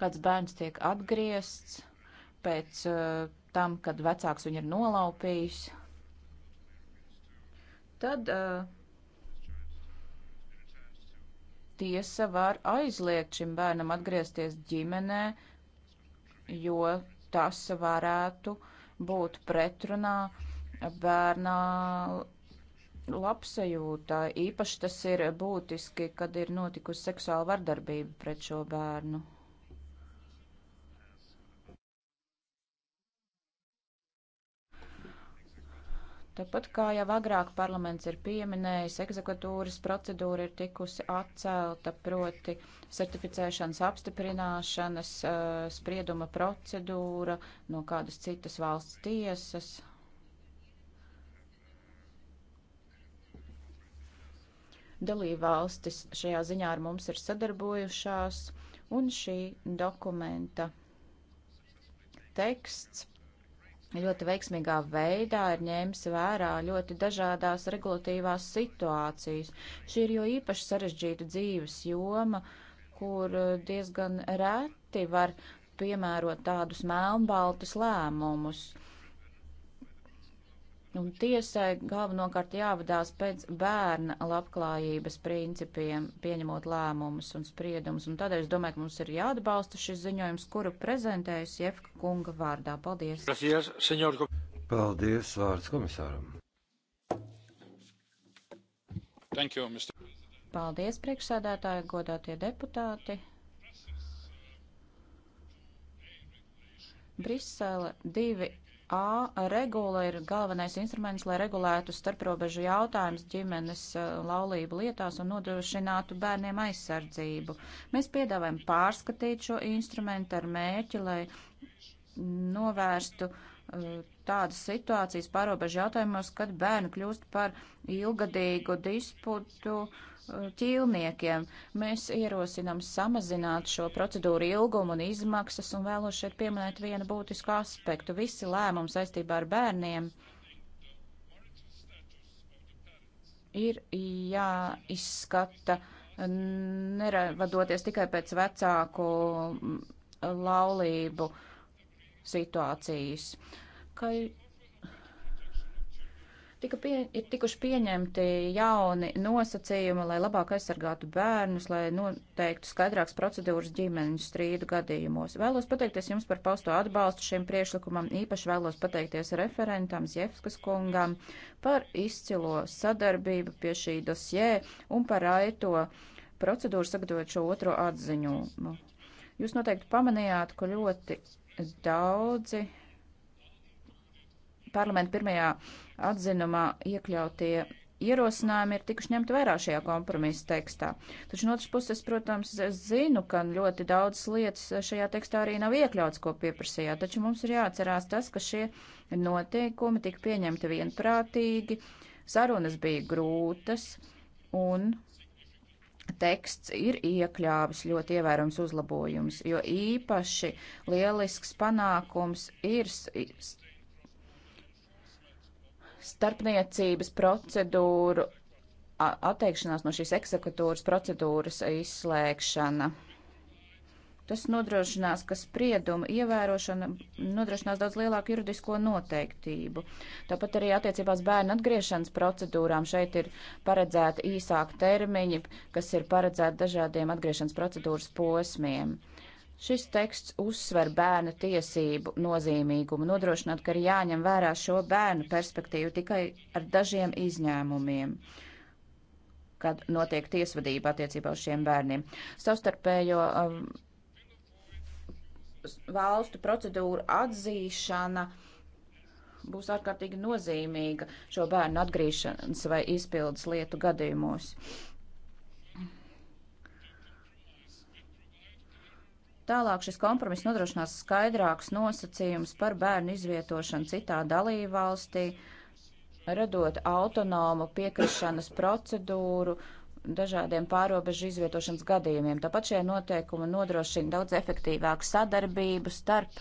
[SPEAKER 3] kāds bērns tiek atgriezts pēc uh, tam, kad vecāks viņu ir nolaupījis, tad uh, tiesa var aizliegt šim bērnam atgriezties ģimenē, jo tas varētu būt pretrunā bērnā labsajūtā. Īpaši tas ir būtiski, kad ir notikusi seksuāla vardarbība pret šo bērnu. Tāpat kā jau agrāk parlaments ir pieminējis, egzekutūras procedūra ir tikusi atcelta, proti certificēšanas apstiprināšanas eh, sprieduma procedūra no kādas citas valsts tiesas. Dalībvalstis šajā ziņā ar mums ir sadarbojušās, un šī dokumenta teksts ļoti veiksmīgā veidā ir ņēmis vērā ļoti dažādās regulatīvās situācijas. Šī ir jo īpaši sarežģīta dzīves joma, kur eh, diezgan reti var piemērot tādus melnbaltus lēmumus. Uh, Un tiesai galvenokārt jāvadās pēc bērna labklājības principiem, pieņemot lēmumus un spriedumus. Un tādēļ es domāju, ka mums ir jāatbalsta šis ziņojums, kuru prezentējas Jefka kunga vārdā. Paldies!
[SPEAKER 1] Paldies, senjor... Paldies vārds komisāram! Thank you, Mr.
[SPEAKER 3] Paldies, priekšsēdētāji, godātie deputāti! Brisele divi A regula ir galvenais instruments, lai regulētu starprobežu jautājumus ģimenes eh, laulību lietās un nodrošinātu bērniem aizsardzību. Mēs piedāvājam pārskatīt šo instrumentu ar mērķi, lai novērstu uh, tādas situācijas pārobežu jautājumos, kad bērni kļūst par ilgadīgu disputu uh, ķīlniekiem. Mēs ierosinām samazināt šo procedūru ilgumu un izmaksas un vēlos šeit pieminēt vienu būtisku aspektu. Visi lēmumi saistībā ar bērniem ir jāizskata nevadoties tikai pēc vecāku laulību. Uh, situācijas, ka tika pie, ir tikuši pieņemti jauni nosacījumi, lai labāk aizsargātu bērnus, lai noteiktu skaidrākas procedūras ģimeņu strīdu gadījumos. Vēlos pateikties jums par pausto atbalstu šiem priešlikumam, īpaši vēlos pateikties referentam Zjefskas kungam par izcilo sadarbību pie šī dosjē un par aito procedūru sagatavot šo otro atziņu. Jūs noteikti pamanījāt, ka ļoti Daudzi parlamenta pirmajā atzinumā iekļautie ierosinājumi ir tikuši ņemti vērā šajā kompromisa tekstā. Taču no otras puses, protams, es zinu, ka ļoti daudz lietas šajā tekstā arī nav iekļauts, ko pieprasījāt, taču mums ir jāatcerās tas, ka šie noteikumi tika pieņemti vienprātīgi, sarunas bija grūtas un teksts ir iekļāvis ļoti ievērums uzlabojums, jo īpaši lielisks panākums ir starpniecības procedūru, atteikšanās no šīs eksekutūras procedūras izslēgšana. Tas nodrošinās, ka sprieduma ievērošana nodrošinās daudz lielāku juridisko noteiktību. Tāpat arī attiecībās bērnu atgriešanas procedūrām šeit ir paredzēta īsāka termiņi, kas ir paredzēta dažādiem atgriešanas procedūras posmiem. Šis teksts uzsver bērnu tiesību nozīmīgumu, nodrošinot, ka ir jāņem vērā šo bērnu perspektīvu tikai ar dažiem izņēmumiem, kad notiek tiesvadība attiecībā uz šiem bērniem. Savstarpējo um, valstu procedūru atzīšana būs ārkārtīgi nozīmīga šo bērnu atgriešanas vai izpildes lietu gadījumos. Tālāk šis kompromiss nodrošinās skaidrākus nosacījumus par bērnu izvietošanu citā dalībvalstī, radot autonomu piekrišanas procedūru, uh, dažādiem pārobežu izvietošanas gadījumiem. Tāpat šie noteikumi nodrošina daudz efektīvāku sadarbību starp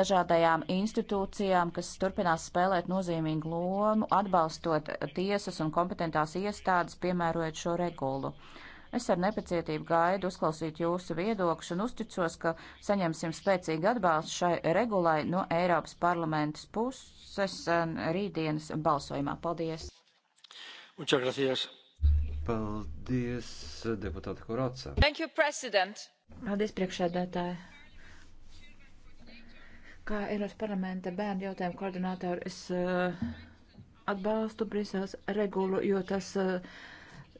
[SPEAKER 3] dažādajām institūcijām, kas turpinās spēlēt nozīmīgu lomu, atbalstot tiesas un kompetentās iestādes, piemērojot šo regulu. Es ar nepacietību gaidu uzklausīt jūsu viedokļus un uzticos, ka saņemsim spēcīgu atbalstu šai regulai no Eiropas parlamentas puses rītdienas balsojumā. Paldies!
[SPEAKER 1] Muchas gracias. Paldies, deputāte Korāca.
[SPEAKER 3] Thank
[SPEAKER 2] you, president.
[SPEAKER 3] Paldies, priekšēdētāji.
[SPEAKER 2] Kā Eiropas parlamenta bērnu jautājumu koordinātori, es uh, atbalstu Briseles regulu, jo tas uh,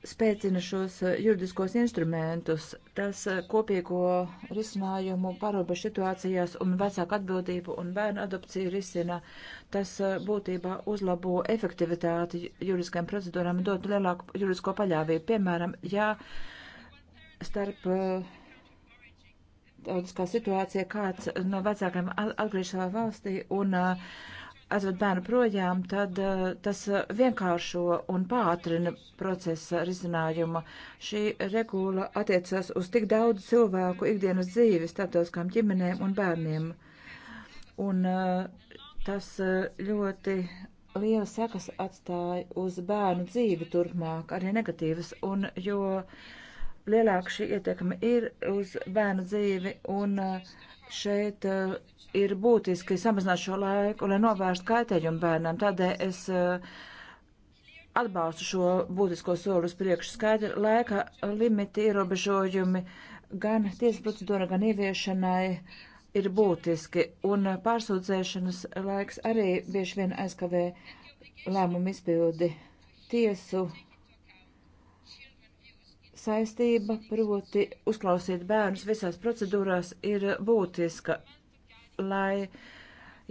[SPEAKER 2] spēcina šos eh, juridiskos instrumentus, tas eh, kopīgo risinājumu parobežu situācijās un vecāku atbildību un bērnu adopciju risina, tas eh, būtībā uzlabo efektivitāti juridiskajām procedūrām un dod lielāku juridisko paļāvību. Piemēram, ja starp tautas kā situācija kāds no vecākiem atgriež savā valstī un uh, atved bērnu projām, tad eh, tas eh, vienkāršo un pātrina procesa risinājumu. Šī regula attiecas uz tik daudz cilvēku ikdienas dzīvi starptautiskām ģimenēm un bērniem. Un eh, tas ļoti liela sekas atstāja uz bērnu dzīvi turpmāk, arī negatīvas. Un jo uh, lielāka šī ietekme ir uz bērnu dzīvi, un uh, šeit uh, ir būtiski samazināt šo laiku, lai novērstu kaitējumu bērnam. Tādēļ es uh, atbalstu šo būtisko soli uz priekšu. Skaidri laika limiti ierobežojumi gan tiesas procedūra, gan ieviešanai ir būtiski, un pārsūdzēšanas laiks arī bieži vien aizkavē lēmumu izpildi tiesu saistība, proti uzklausīt bērnus visās procedūrās, ir būtiska, lai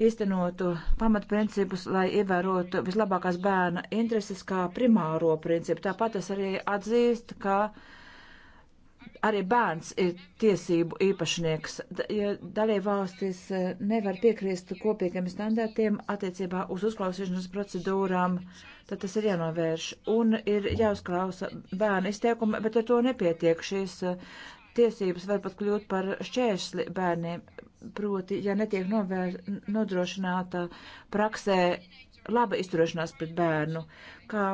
[SPEAKER 2] īstenotu pamatprincipus, lai ievērotu vislabākās bērna intereses kā primāro principu. Tāpat es arī atzīstu, ka uh, arī bērns ir tiesību īpašnieks. Ja dalībvalstis eh, nevar piekrist kopīgiem standartiem attiecībā uz uzklausīšanas procedūrām, tad tas ir jānovērš un ir jāuzklausa bērnu izteikumi, bet ar to nepietiek. Šīs eh, tiesības var pat kļūt par šķēršli bērniem, proti, ja netiek novēr, nodrošināta praksē laba izturēšanās pret bērnu. Kā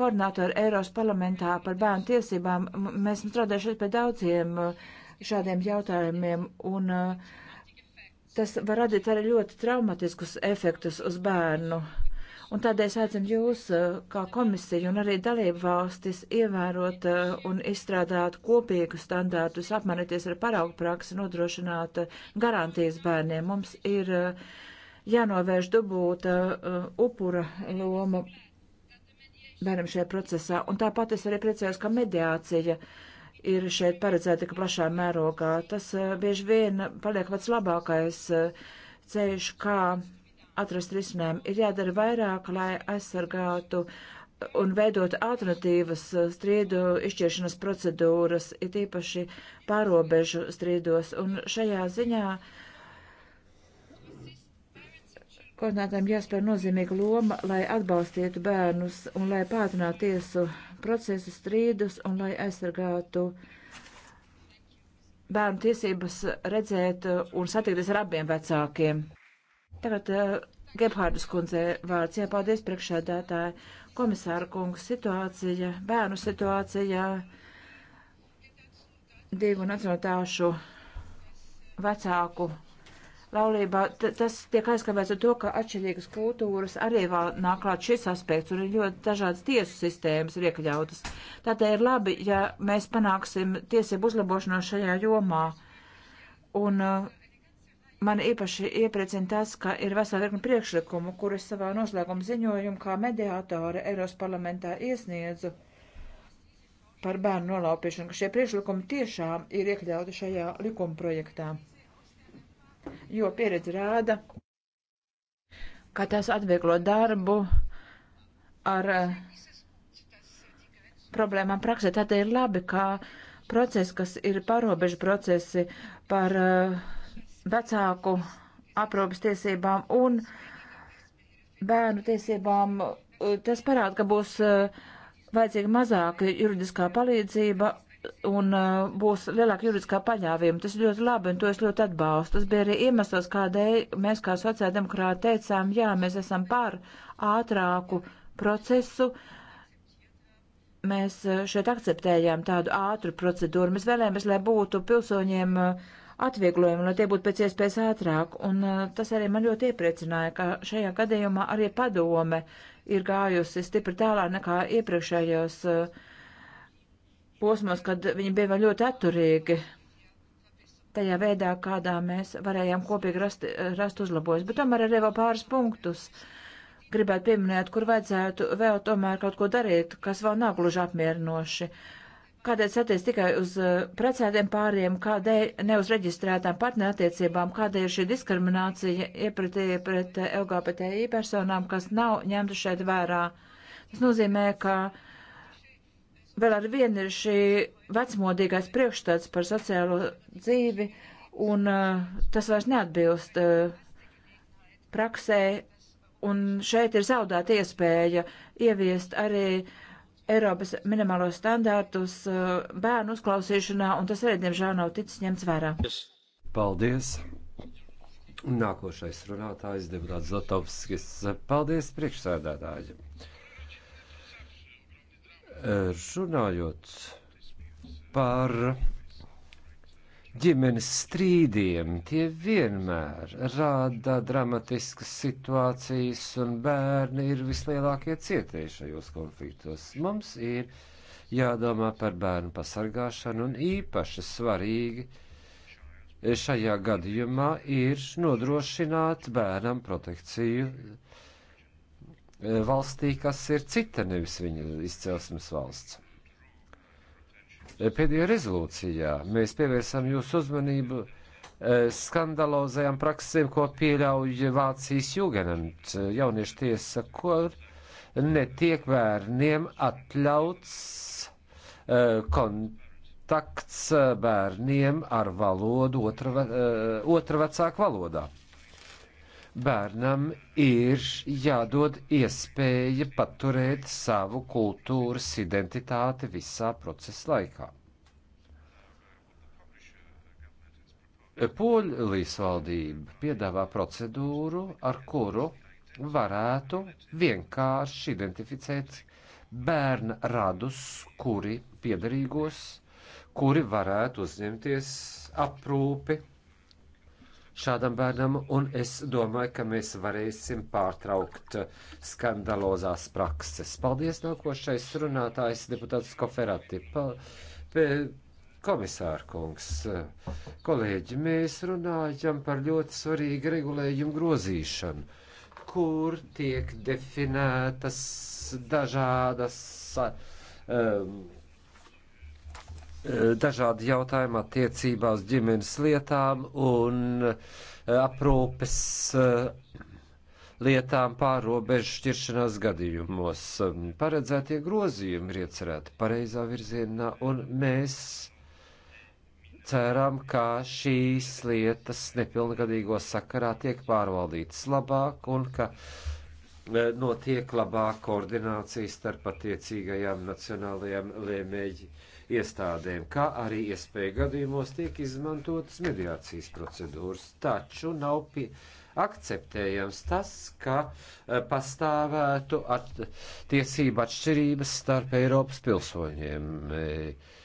[SPEAKER 2] koordinātori Eiros parlamentā par bērnu tiesībām. Mēs esam strādājuši pie daudziem uh, šādiem jautājumiem, un uh, tas var radīt arī ļoti traumatiskus efektus uz bērnu. Un tādēļ aicinu jūs, uh, kā komisiju un arī dalību valstis, ievērot un izstrādāt kopīgu standārtus, apmainīties ar paraugu praksi, nodrošināt garantijas bērniem. Mums ir jānovērš dubūta upura loma bērnam šajā procesā. Un tāpat es arī priecājos, ka mediācija ir šeit paredzēta tik plašā mērogā. Tas eh, bieži vien paliek pats labākais eh, ceļš, kā atrast risinājumu. Ir jādara vairāk, lai aizsargātu un veidot alternatīvas eh, strīdu izšķiršanas procedūras, it īpaši pārobežu strīdos. Un šajā ziņā uh, Koordinātājiem jāspēr nozīmīga loma, lai atbalstītu bērnus un lai pātrinātu tiesu procesu strīdus un lai aizsargātu bērnu tiesības redzēt un satikties ar abiem vecākiem. Tagad uh, eh, Gebhārdas kundze vārds jāpaldies priekšādātāji. Komisāra kungs situācija, bērnu situācijā, divu nacionālitāšu vecāku laulībā, tas tiek aizskavēts ar to, ka atšķirīgas kultūras arī vēl nāk klāt šis aspekts, un ir ļoti dažādas tiesu sistēmas ir iekļautas. Tātad ir labi, ja mēs panāksim tiesību uzlabošanos šajā jomā. Un uh, man īpaši iepriecina tas, ka ir vesela virkni priekšlikumu, kurus savā noslēguma ziņojumu kā mediātore Eiros parlamentā iesniedzu par bērnu nolaupīšanu, ka šie priekšlikumi tiešām ir iekļauti šajā likuma projektā jo pieredze rāda, ka tas atvieglo darbu ar eh, problēmām praksē. Tādēļ ir labi, ka procesi, kas ir parobežu procesi par eh, vecāku aprūpas tiesībām un bērnu tiesībām, eh, tas parāda, ka būs vajadzīga mazāka juridiskā palīdzība un uh, būs lielāka juridiskā paļāvība. Tas ir ļoti labi, un to es ļoti atbalstu. Tas bija arī iemesls, kādēļ mēs kā sociāldemokrāti teicām, jā, mēs esam par ātrāku procesu. Mēs uh, šeit akceptējām tādu ātru procedūru. Mēs vēlējāmies, lai būtu pilsoņiem uh, atvieglojumi, lai tie būtu pēc iespējas ātrāk. Un uh, tas arī man ļoti iepriecināja, ka šajā gadījumā arī padome ir gājusi stipri tālāk nekā iepriekšējos uh, posmos, kad viņi bija vēl ļoti atturīgi tajā veidā, kādā mēs varējām kopīgi rast, rast uzlabojas. Bet tomēr arī vēl pāris punktus gribētu pieminēt, kur vajadzētu vēl tomēr kaut ko darīt, kas vēl nav gluži apmierinoši. Kādēļ saties tikai uz eh, precētiem pāriem, kādēļ ne uz reģistrētām partnerattiecībām, kādēļ ir šī diskriminācija iepratī pret eh, LGBTI personām, kas nav ņemta šeit vērā. Tas nozīmē, ka uh, vēl ar vienu ir šī vecmodīgais priekšstats par sociālo dzīvi, un uh, tas vairs neatbilst uh, praksē, un šeit ir zaudēta iespēja ieviest arī Eiropas minimālos standārtus uh, bērnu uzklausīšanā, un tas arī, diemžēl, nav ticis ņemts vērā.
[SPEAKER 1] Paldies! Nākošais runātājs deputāts Zatovskis. Paldies priekšsēdētājiem! Runājot par ģimenes strīdiem, tie vienmēr rāda dramatiskas situācijas, un bērni ir vislielākie cietēji šajos konfliktos. Mums ir jādomā par bērnu pasargāšanu, un īpaši svarīgi šajā gadījumā ir nodrošināt bērnam protekciju valstī, kas ir cita, nevis viņa izcelsmes valsts. Pēdējā rezolūcijā mēs pievērsām jūsu uzmanību e, skandalozajām praksēm, ko pieļauj Vācijas jūgenant e, jauniešu tiesa, kur netiek bērniem atļauts e, kontakts bērniem ar valodu otra, otra vecāka valodā bērnam ir jādod iespēja paturēt savu kultūras identitāti visā procesa laikā. Poļijas valdība piedāvā procedūru, ar kuru varētu vienkārši identificēt bērna radus, kuri piedarīgos, kuri varētu uzņemties aprūpi šādam bērnam, un es domāju, ka mēs varēsim pārtraukt skandalozās prakses. Paldies nākošais runātājs deputāts Koferati. Pa, pe, komisāra kungs, kolēģi, mēs runājam par ļoti svarīgu regulējumu grozīšanu, kur tiek definētas dažādas um, dažādi jautājumi attiecībā uz ģimenes lietām un eh, aprūpes eh, lietām pārobežu šķiršanās gadījumos. Paredzētie grozījumi ir iecerēti pareizā virzienā, un mēs ceram, ka šīs lietas nepilngadīgo sakarā tiek pārvaldītas labāk un ka eh, notiek labāk koordinācija starp attiecīgajām nacionālajām lēmēji iestādēm, kā arī iespēja gadījumos tiek izmantotas mediācijas procedūras. Taču nav pie akceptējams tas, ka eh, pastāvētu at tiesība atšķirības starp Eiropas pilsoņiem. Eh,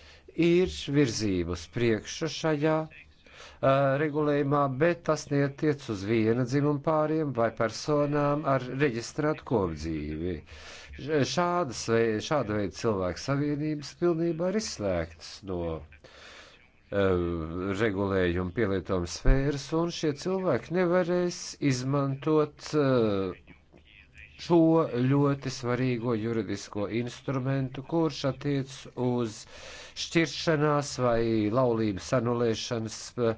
[SPEAKER 1] ir virzības priekšu šajā eh, regulējumā, bet tas netiec uz viena dzimuma pāriem vai personām ar reģistrētu kopdzīvi. Uh, Šādas, šāda veida cilvēku savienības pilnībā ir izslēgtas no eh, regulējuma pielietojuma sfēras, un šie cilvēki nevarēs izmantot eh, šo ļoti svarīgo juridisko instrumentu, kurš attiec uz šķiršanās vai laulības anulēšanas uh,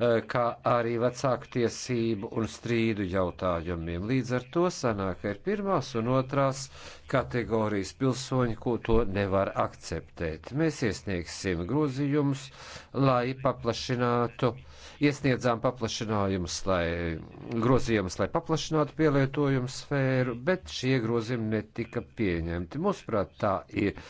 [SPEAKER 1] Eh, kā arī vecāku tiesību un strīdu jautājumiem. Līdz ar to sanāk, ka ir pirmās un otrās kategorijas pilsoņi, ko to nevar akceptēt. Mēs iesniegsim grozījumus, lai paplašinātu, iesniedzām paplašinājumus, lai grozījumus, lai paplašinātu pielietojumu sfēru, bet šie grozījumi netika pieņemti. Mūsuprāt, tā ir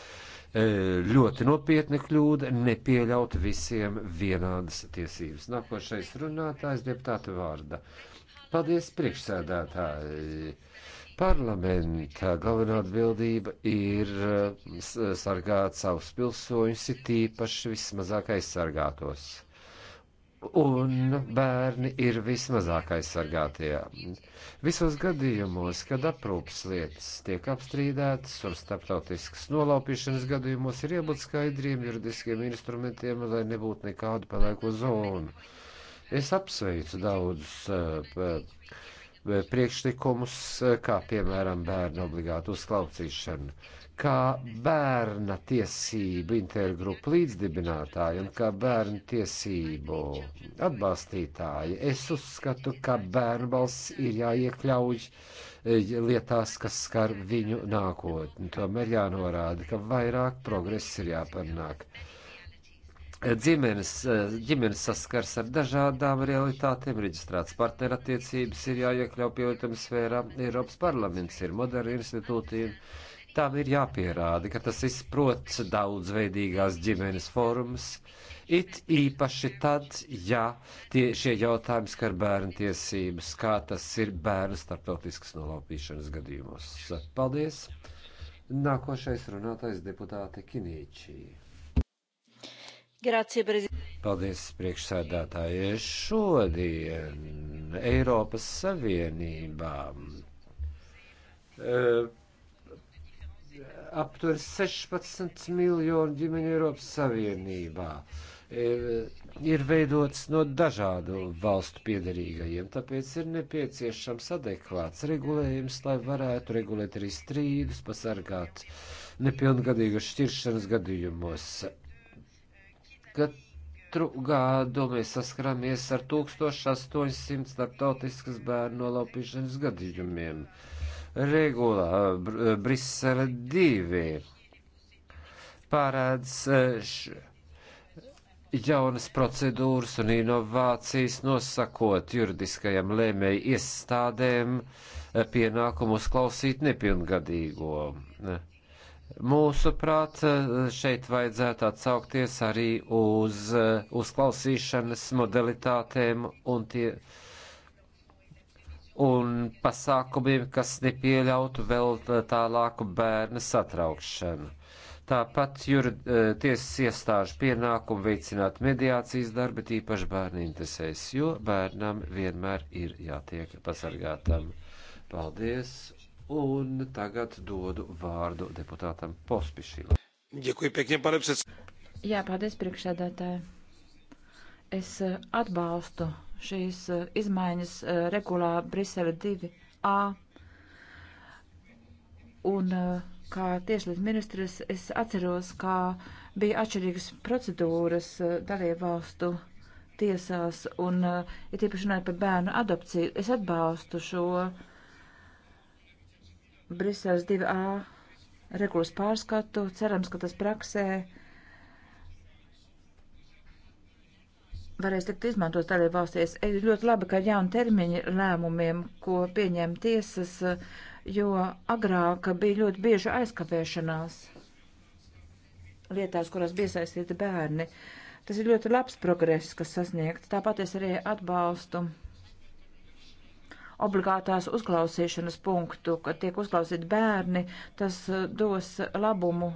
[SPEAKER 1] E, ļoti nopietna kļūda nepieļaut visiem vienādas tiesības. Nākošais runātājs deputāta vārda. Paldies, priekšsēdētāji! Parlamentā galvenā atbildība ir e, sargāt savus pilsoņus, it īpaši vismazāk aizsargātos un bērni ir vismazāk aizsargātie. Visos gadījumos, kad aprūpas lietas tiek apstrīdētas un starptautiskas nolaupīšanas gadījumos ir jābūt skaidriem juridiskiem instrumentiem, lai nebūtu nekādu pelēko zonu. Es apsveicu daudzus uh, priekšlikumus, eh, kā piemēram bērnu obligātu uzklausīšanu kā bērna tiesību intergrupu līdzdibinātāji un kā bērnu tiesību atbalstītāji. Es uzskatu, ka bērnu balss ir jāiekļauj e, lietās, kas skar viņu nākotni. Tomēr jānorāda, ka vairāk progress ir jāpanāk. Ģimenes, e, ģimenes saskars ar dažādām realitātēm, reģistrēts partnerattiecības ir jāiekļauj pievienotams sfērā, Eiropas parlaments ir moderna institūtīva tam ir jāpierāda, ka tas izprot daudzveidīgās ģimenes formas, it īpaši tad, ja tie, šie jautājumi skar bērnu tiesības, kā tas ir bērnu starptautiskas nolaupīšanas gadījumos. Paldies! Nākošais runātais deputāte Kinīčī. Grazie, Paldies, priekšsēdētāji. Šodien Eiropas Savienībā. Uh, aptver 16 miljonu ģimeņu Eiropas Savienībā. E, ir veidots no dažādu valstu piedarīgajiem, tāpēc ir nepieciešams adekvāts regulējums, lai varētu regulēt arī strīdus, pasargāt nepilngadīgu šķiršanas gadījumos. Katru gadu mēs saskaramies ar 1800 starptautiskas bērnu nolaupīšanas gadījumiem. Uh, regulā Br Brisele 2 pārēdz e, jaunas procedūras un inovācijas nosakot juridiskajam lēmēju iestādēm e, pienākumu uzklausīt nepilngadīgo. E, mūsuprāt, šeit vajadzētu atsaukties arī uz uzklausīšanas modalitātēm un tie, uh, un pasākumiem, kas nepieļautu vēl tālāku bērnu satraukšanu. Tāpat e, tiesas iestāžu pienākumu veicināt mediācijas darbu, tīpaši bērnu interesēs, jo bērnam vienmēr ir jātiek pasargātam. Paldies! Un tagad dodu vārdu deputātam Pospišilam. Děkuji pěkně, pane předsedo.
[SPEAKER 2] Jā, paldies priekšsēdētāji. Es e, atbalstu šīs e, izmaiņas e, regulā Brisele 2a. Un e, kā tieslietu ministrs es atceros, kā bija atšķirīgas procedūras dalībvalstu tiesās un ir ja tiepaši runājot par bērnu adopciju. Es atbalstu šo Briseles 2a regulas pārskatu. Cerams, ka tas praksē uh, varēs tikt izmantot dalību valstīs. Ir ļoti labi, ka ir jauni termiņi lēmumiem, ko pieņem tiesas, jo agrāk bija ļoti bieži aizkavēšanās lietās, kurās bija saistīti bērni. Tas ir ļoti labs progress, kas sasniegts. Tāpat es arī atbalstu obligātās uzklausīšanas punktu, kad tiek uzklausīti bērni, tas uh, dos labumu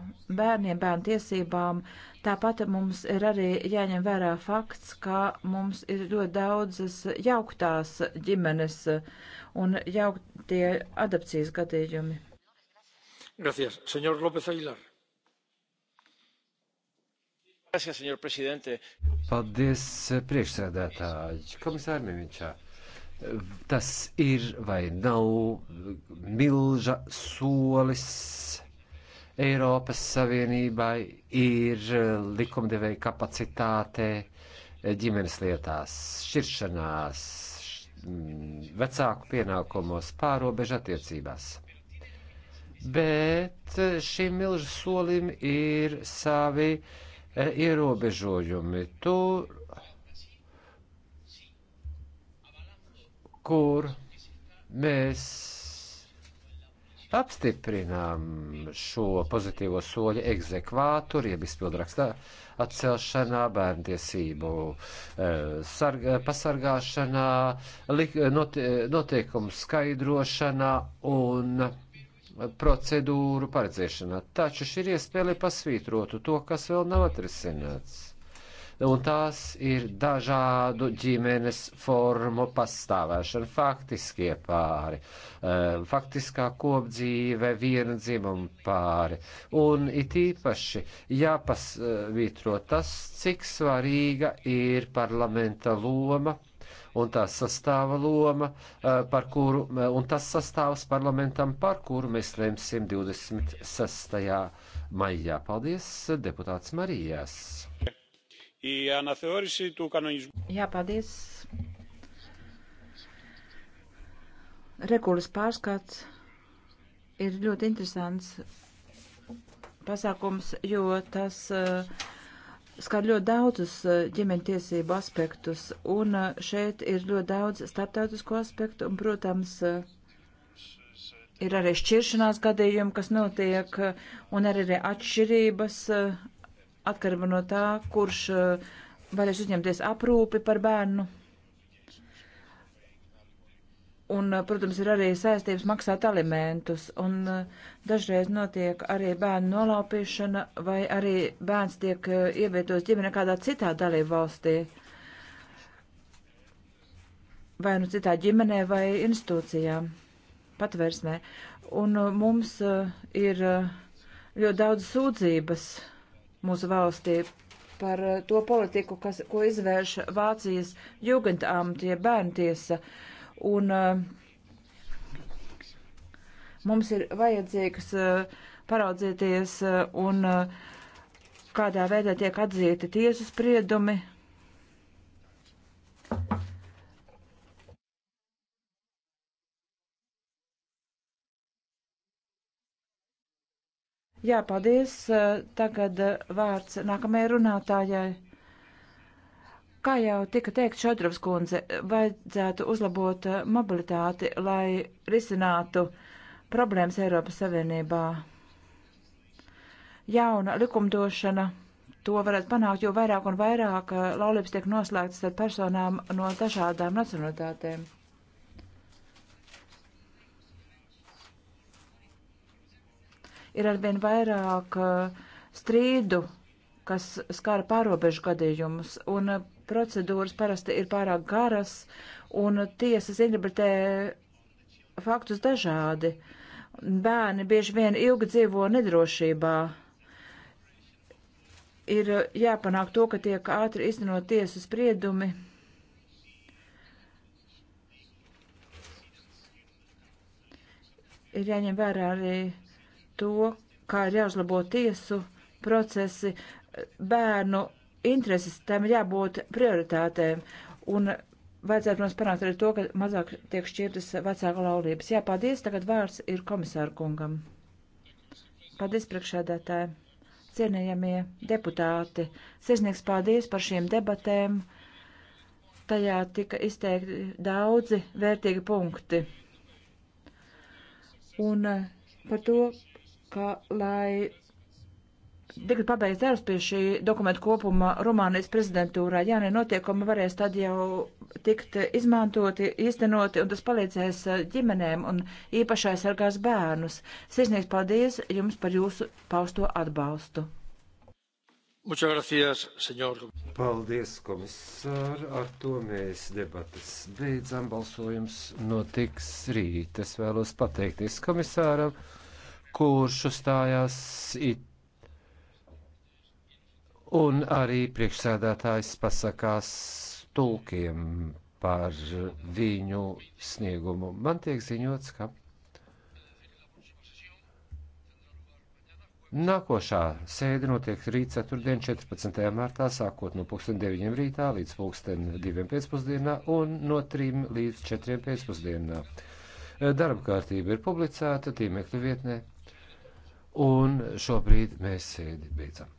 [SPEAKER 2] bērniem, bērnu tiesībām. Tāpat mums ir arī jāņem vērā fakts, ka mums ir ļoti daudzas jauktās ģimenes uh, un jauktie adapcijas gadījumi.
[SPEAKER 1] Gracias. Señor López Aguilar. Gracias, señor presidente. Paldies, priekšsēdētāji. Komisāri Mimičā tas ir vai nav milža solis Eiropas Savienībai, ir e, likumdevēja kapacitāte e, ģimenes lietās, šķiršanās, mm, vecāku pienākumos, pārobežu attiecībās. Bet e, šim milža solim ir savi ierobežojumi. Tur kur mēs apstiprinām šo pozitīvo soļu egzekvātoru, jeb izpildrakstā atcelšanā, bērntiesību eh, sarg, eh, pasargāšanā, eh, notiekumu skaidrošanā un procedūru paredzēšanā. Taču šī iespēja pasvītrotu to, kas vēl nav atrisināts un tās ir dažādu ģimenes formu pastāvēšana, faktiskie pāri, e, faktiskā kopdzīve, viena dzimuma pāri. Un it īpaši jāpasvītro tas, cik svarīga ir parlamenta loma un tā sastāva loma, e, par kuru, e, un tas sastāvs parlamentam, par kuru mēs lemsim 26. maijā. Paldies, deputāts Marijas! Jā,
[SPEAKER 2] paldies. Regulas pārskats ir ļoti interesants pasākums, jo tas uh, skar ļoti daudzus uh, eh, ģimeņu tiesību aspektus, un uh, šeit ir ļoti daudz starptautisko aspektu, un, protams, ir arī šķiršanās gadījumi, kas notiek, un arī, arī atšķirības atkarībā no tā, kurš eh, varēs uzņemties aprūpi par bērnu. Un, eh, protams, ir arī saistības maksāt alimentus, un eh, dažreiz notiek arī bērnu nolaupīšana, vai arī bērns tiek ievietots ģimene kādā citā dalību valstī, vai nu citā ģimenē, vai institūcijā, patversmē. Un mums ir ļoti daudz sūdzības mūsu valstī par eh, to politiku, kas, ko izvērš Vācijas jugendāmtie bērntiesa. Un eh, mums ir vajadzīgs eh, paraudzīties un kādā veidā tiek atzīti tiesu spriedumi. Jā, paldies. Tagad vārds nākamajai runātājai. Kā jau tika teikt Šodrovs kundze, vajadzētu uzlabot mobilitāti, lai risinātu problēmas Eiropas Savienībā. Jauna likumdošana to varētu panākt, jo vairāk un vairāk laulības tiek noslēgtas ar personām no dažādām nacionalitātēm. ir arvien vairāk uh, strīdu, kas skar pārobežu gadījumus, un uh, procedūras parasti ir pārāk garas, un uh, tiesas interpretē faktus dažādi. Bērni bieži vien ilgi dzīvo nedrošībā. Ir jāpanāk to, ka tiek ātri iztenot tiesu spriedumi. Ir jāņem vērā arī to, kā ir jāuzlabo tiesu procesi, bērnu intereses, tam ir jābūt prioritātēm. Un vajadzētu mums panākt arī to, ka mazāk tiek šķirtas vecāku laulības. Jā, paldies, tagad vārds ir komisāru kungam. Paldies, priekšēdētāji, cienījamie deputāti. Sirsnieks paldies par šīm debatēm. Tajā tika izteikti daudzi vērtīgi punkti. Un eh, par to, ka, lai tikt pabeigts darbs pie šī dokumentu kopuma Rumānijas prezidentūrā, jaunie notiekumi varēs tad jau tikt izmantoti, īstenoti, un tas palīdzēs eh, ģimenēm un īpaši aizsargās bērnus. Sirsnīgs paldies jums par jūsu pausto atbalstu.
[SPEAKER 1] Muchas gracias, señor. Paldies, komisār. Ar to mēs debatas beidzam. Balsojums notiks rīt. Es vēlos pateikties komisāram kurš uzstājās it un arī priekšsēdētājs pasakās tulkiem par viņu sniegumu. Man tiek ziņots, ka nākošā sēde notiek rīt 4. 14. martā, sākot no 2009. rītā līdz 2002. pēcpusdienā un no 3 līdz 4. pēcpusdienā. Darba kārtība ir publicēta tīmekļa vietnē. Un šobrīd mēs sēdi beidzam.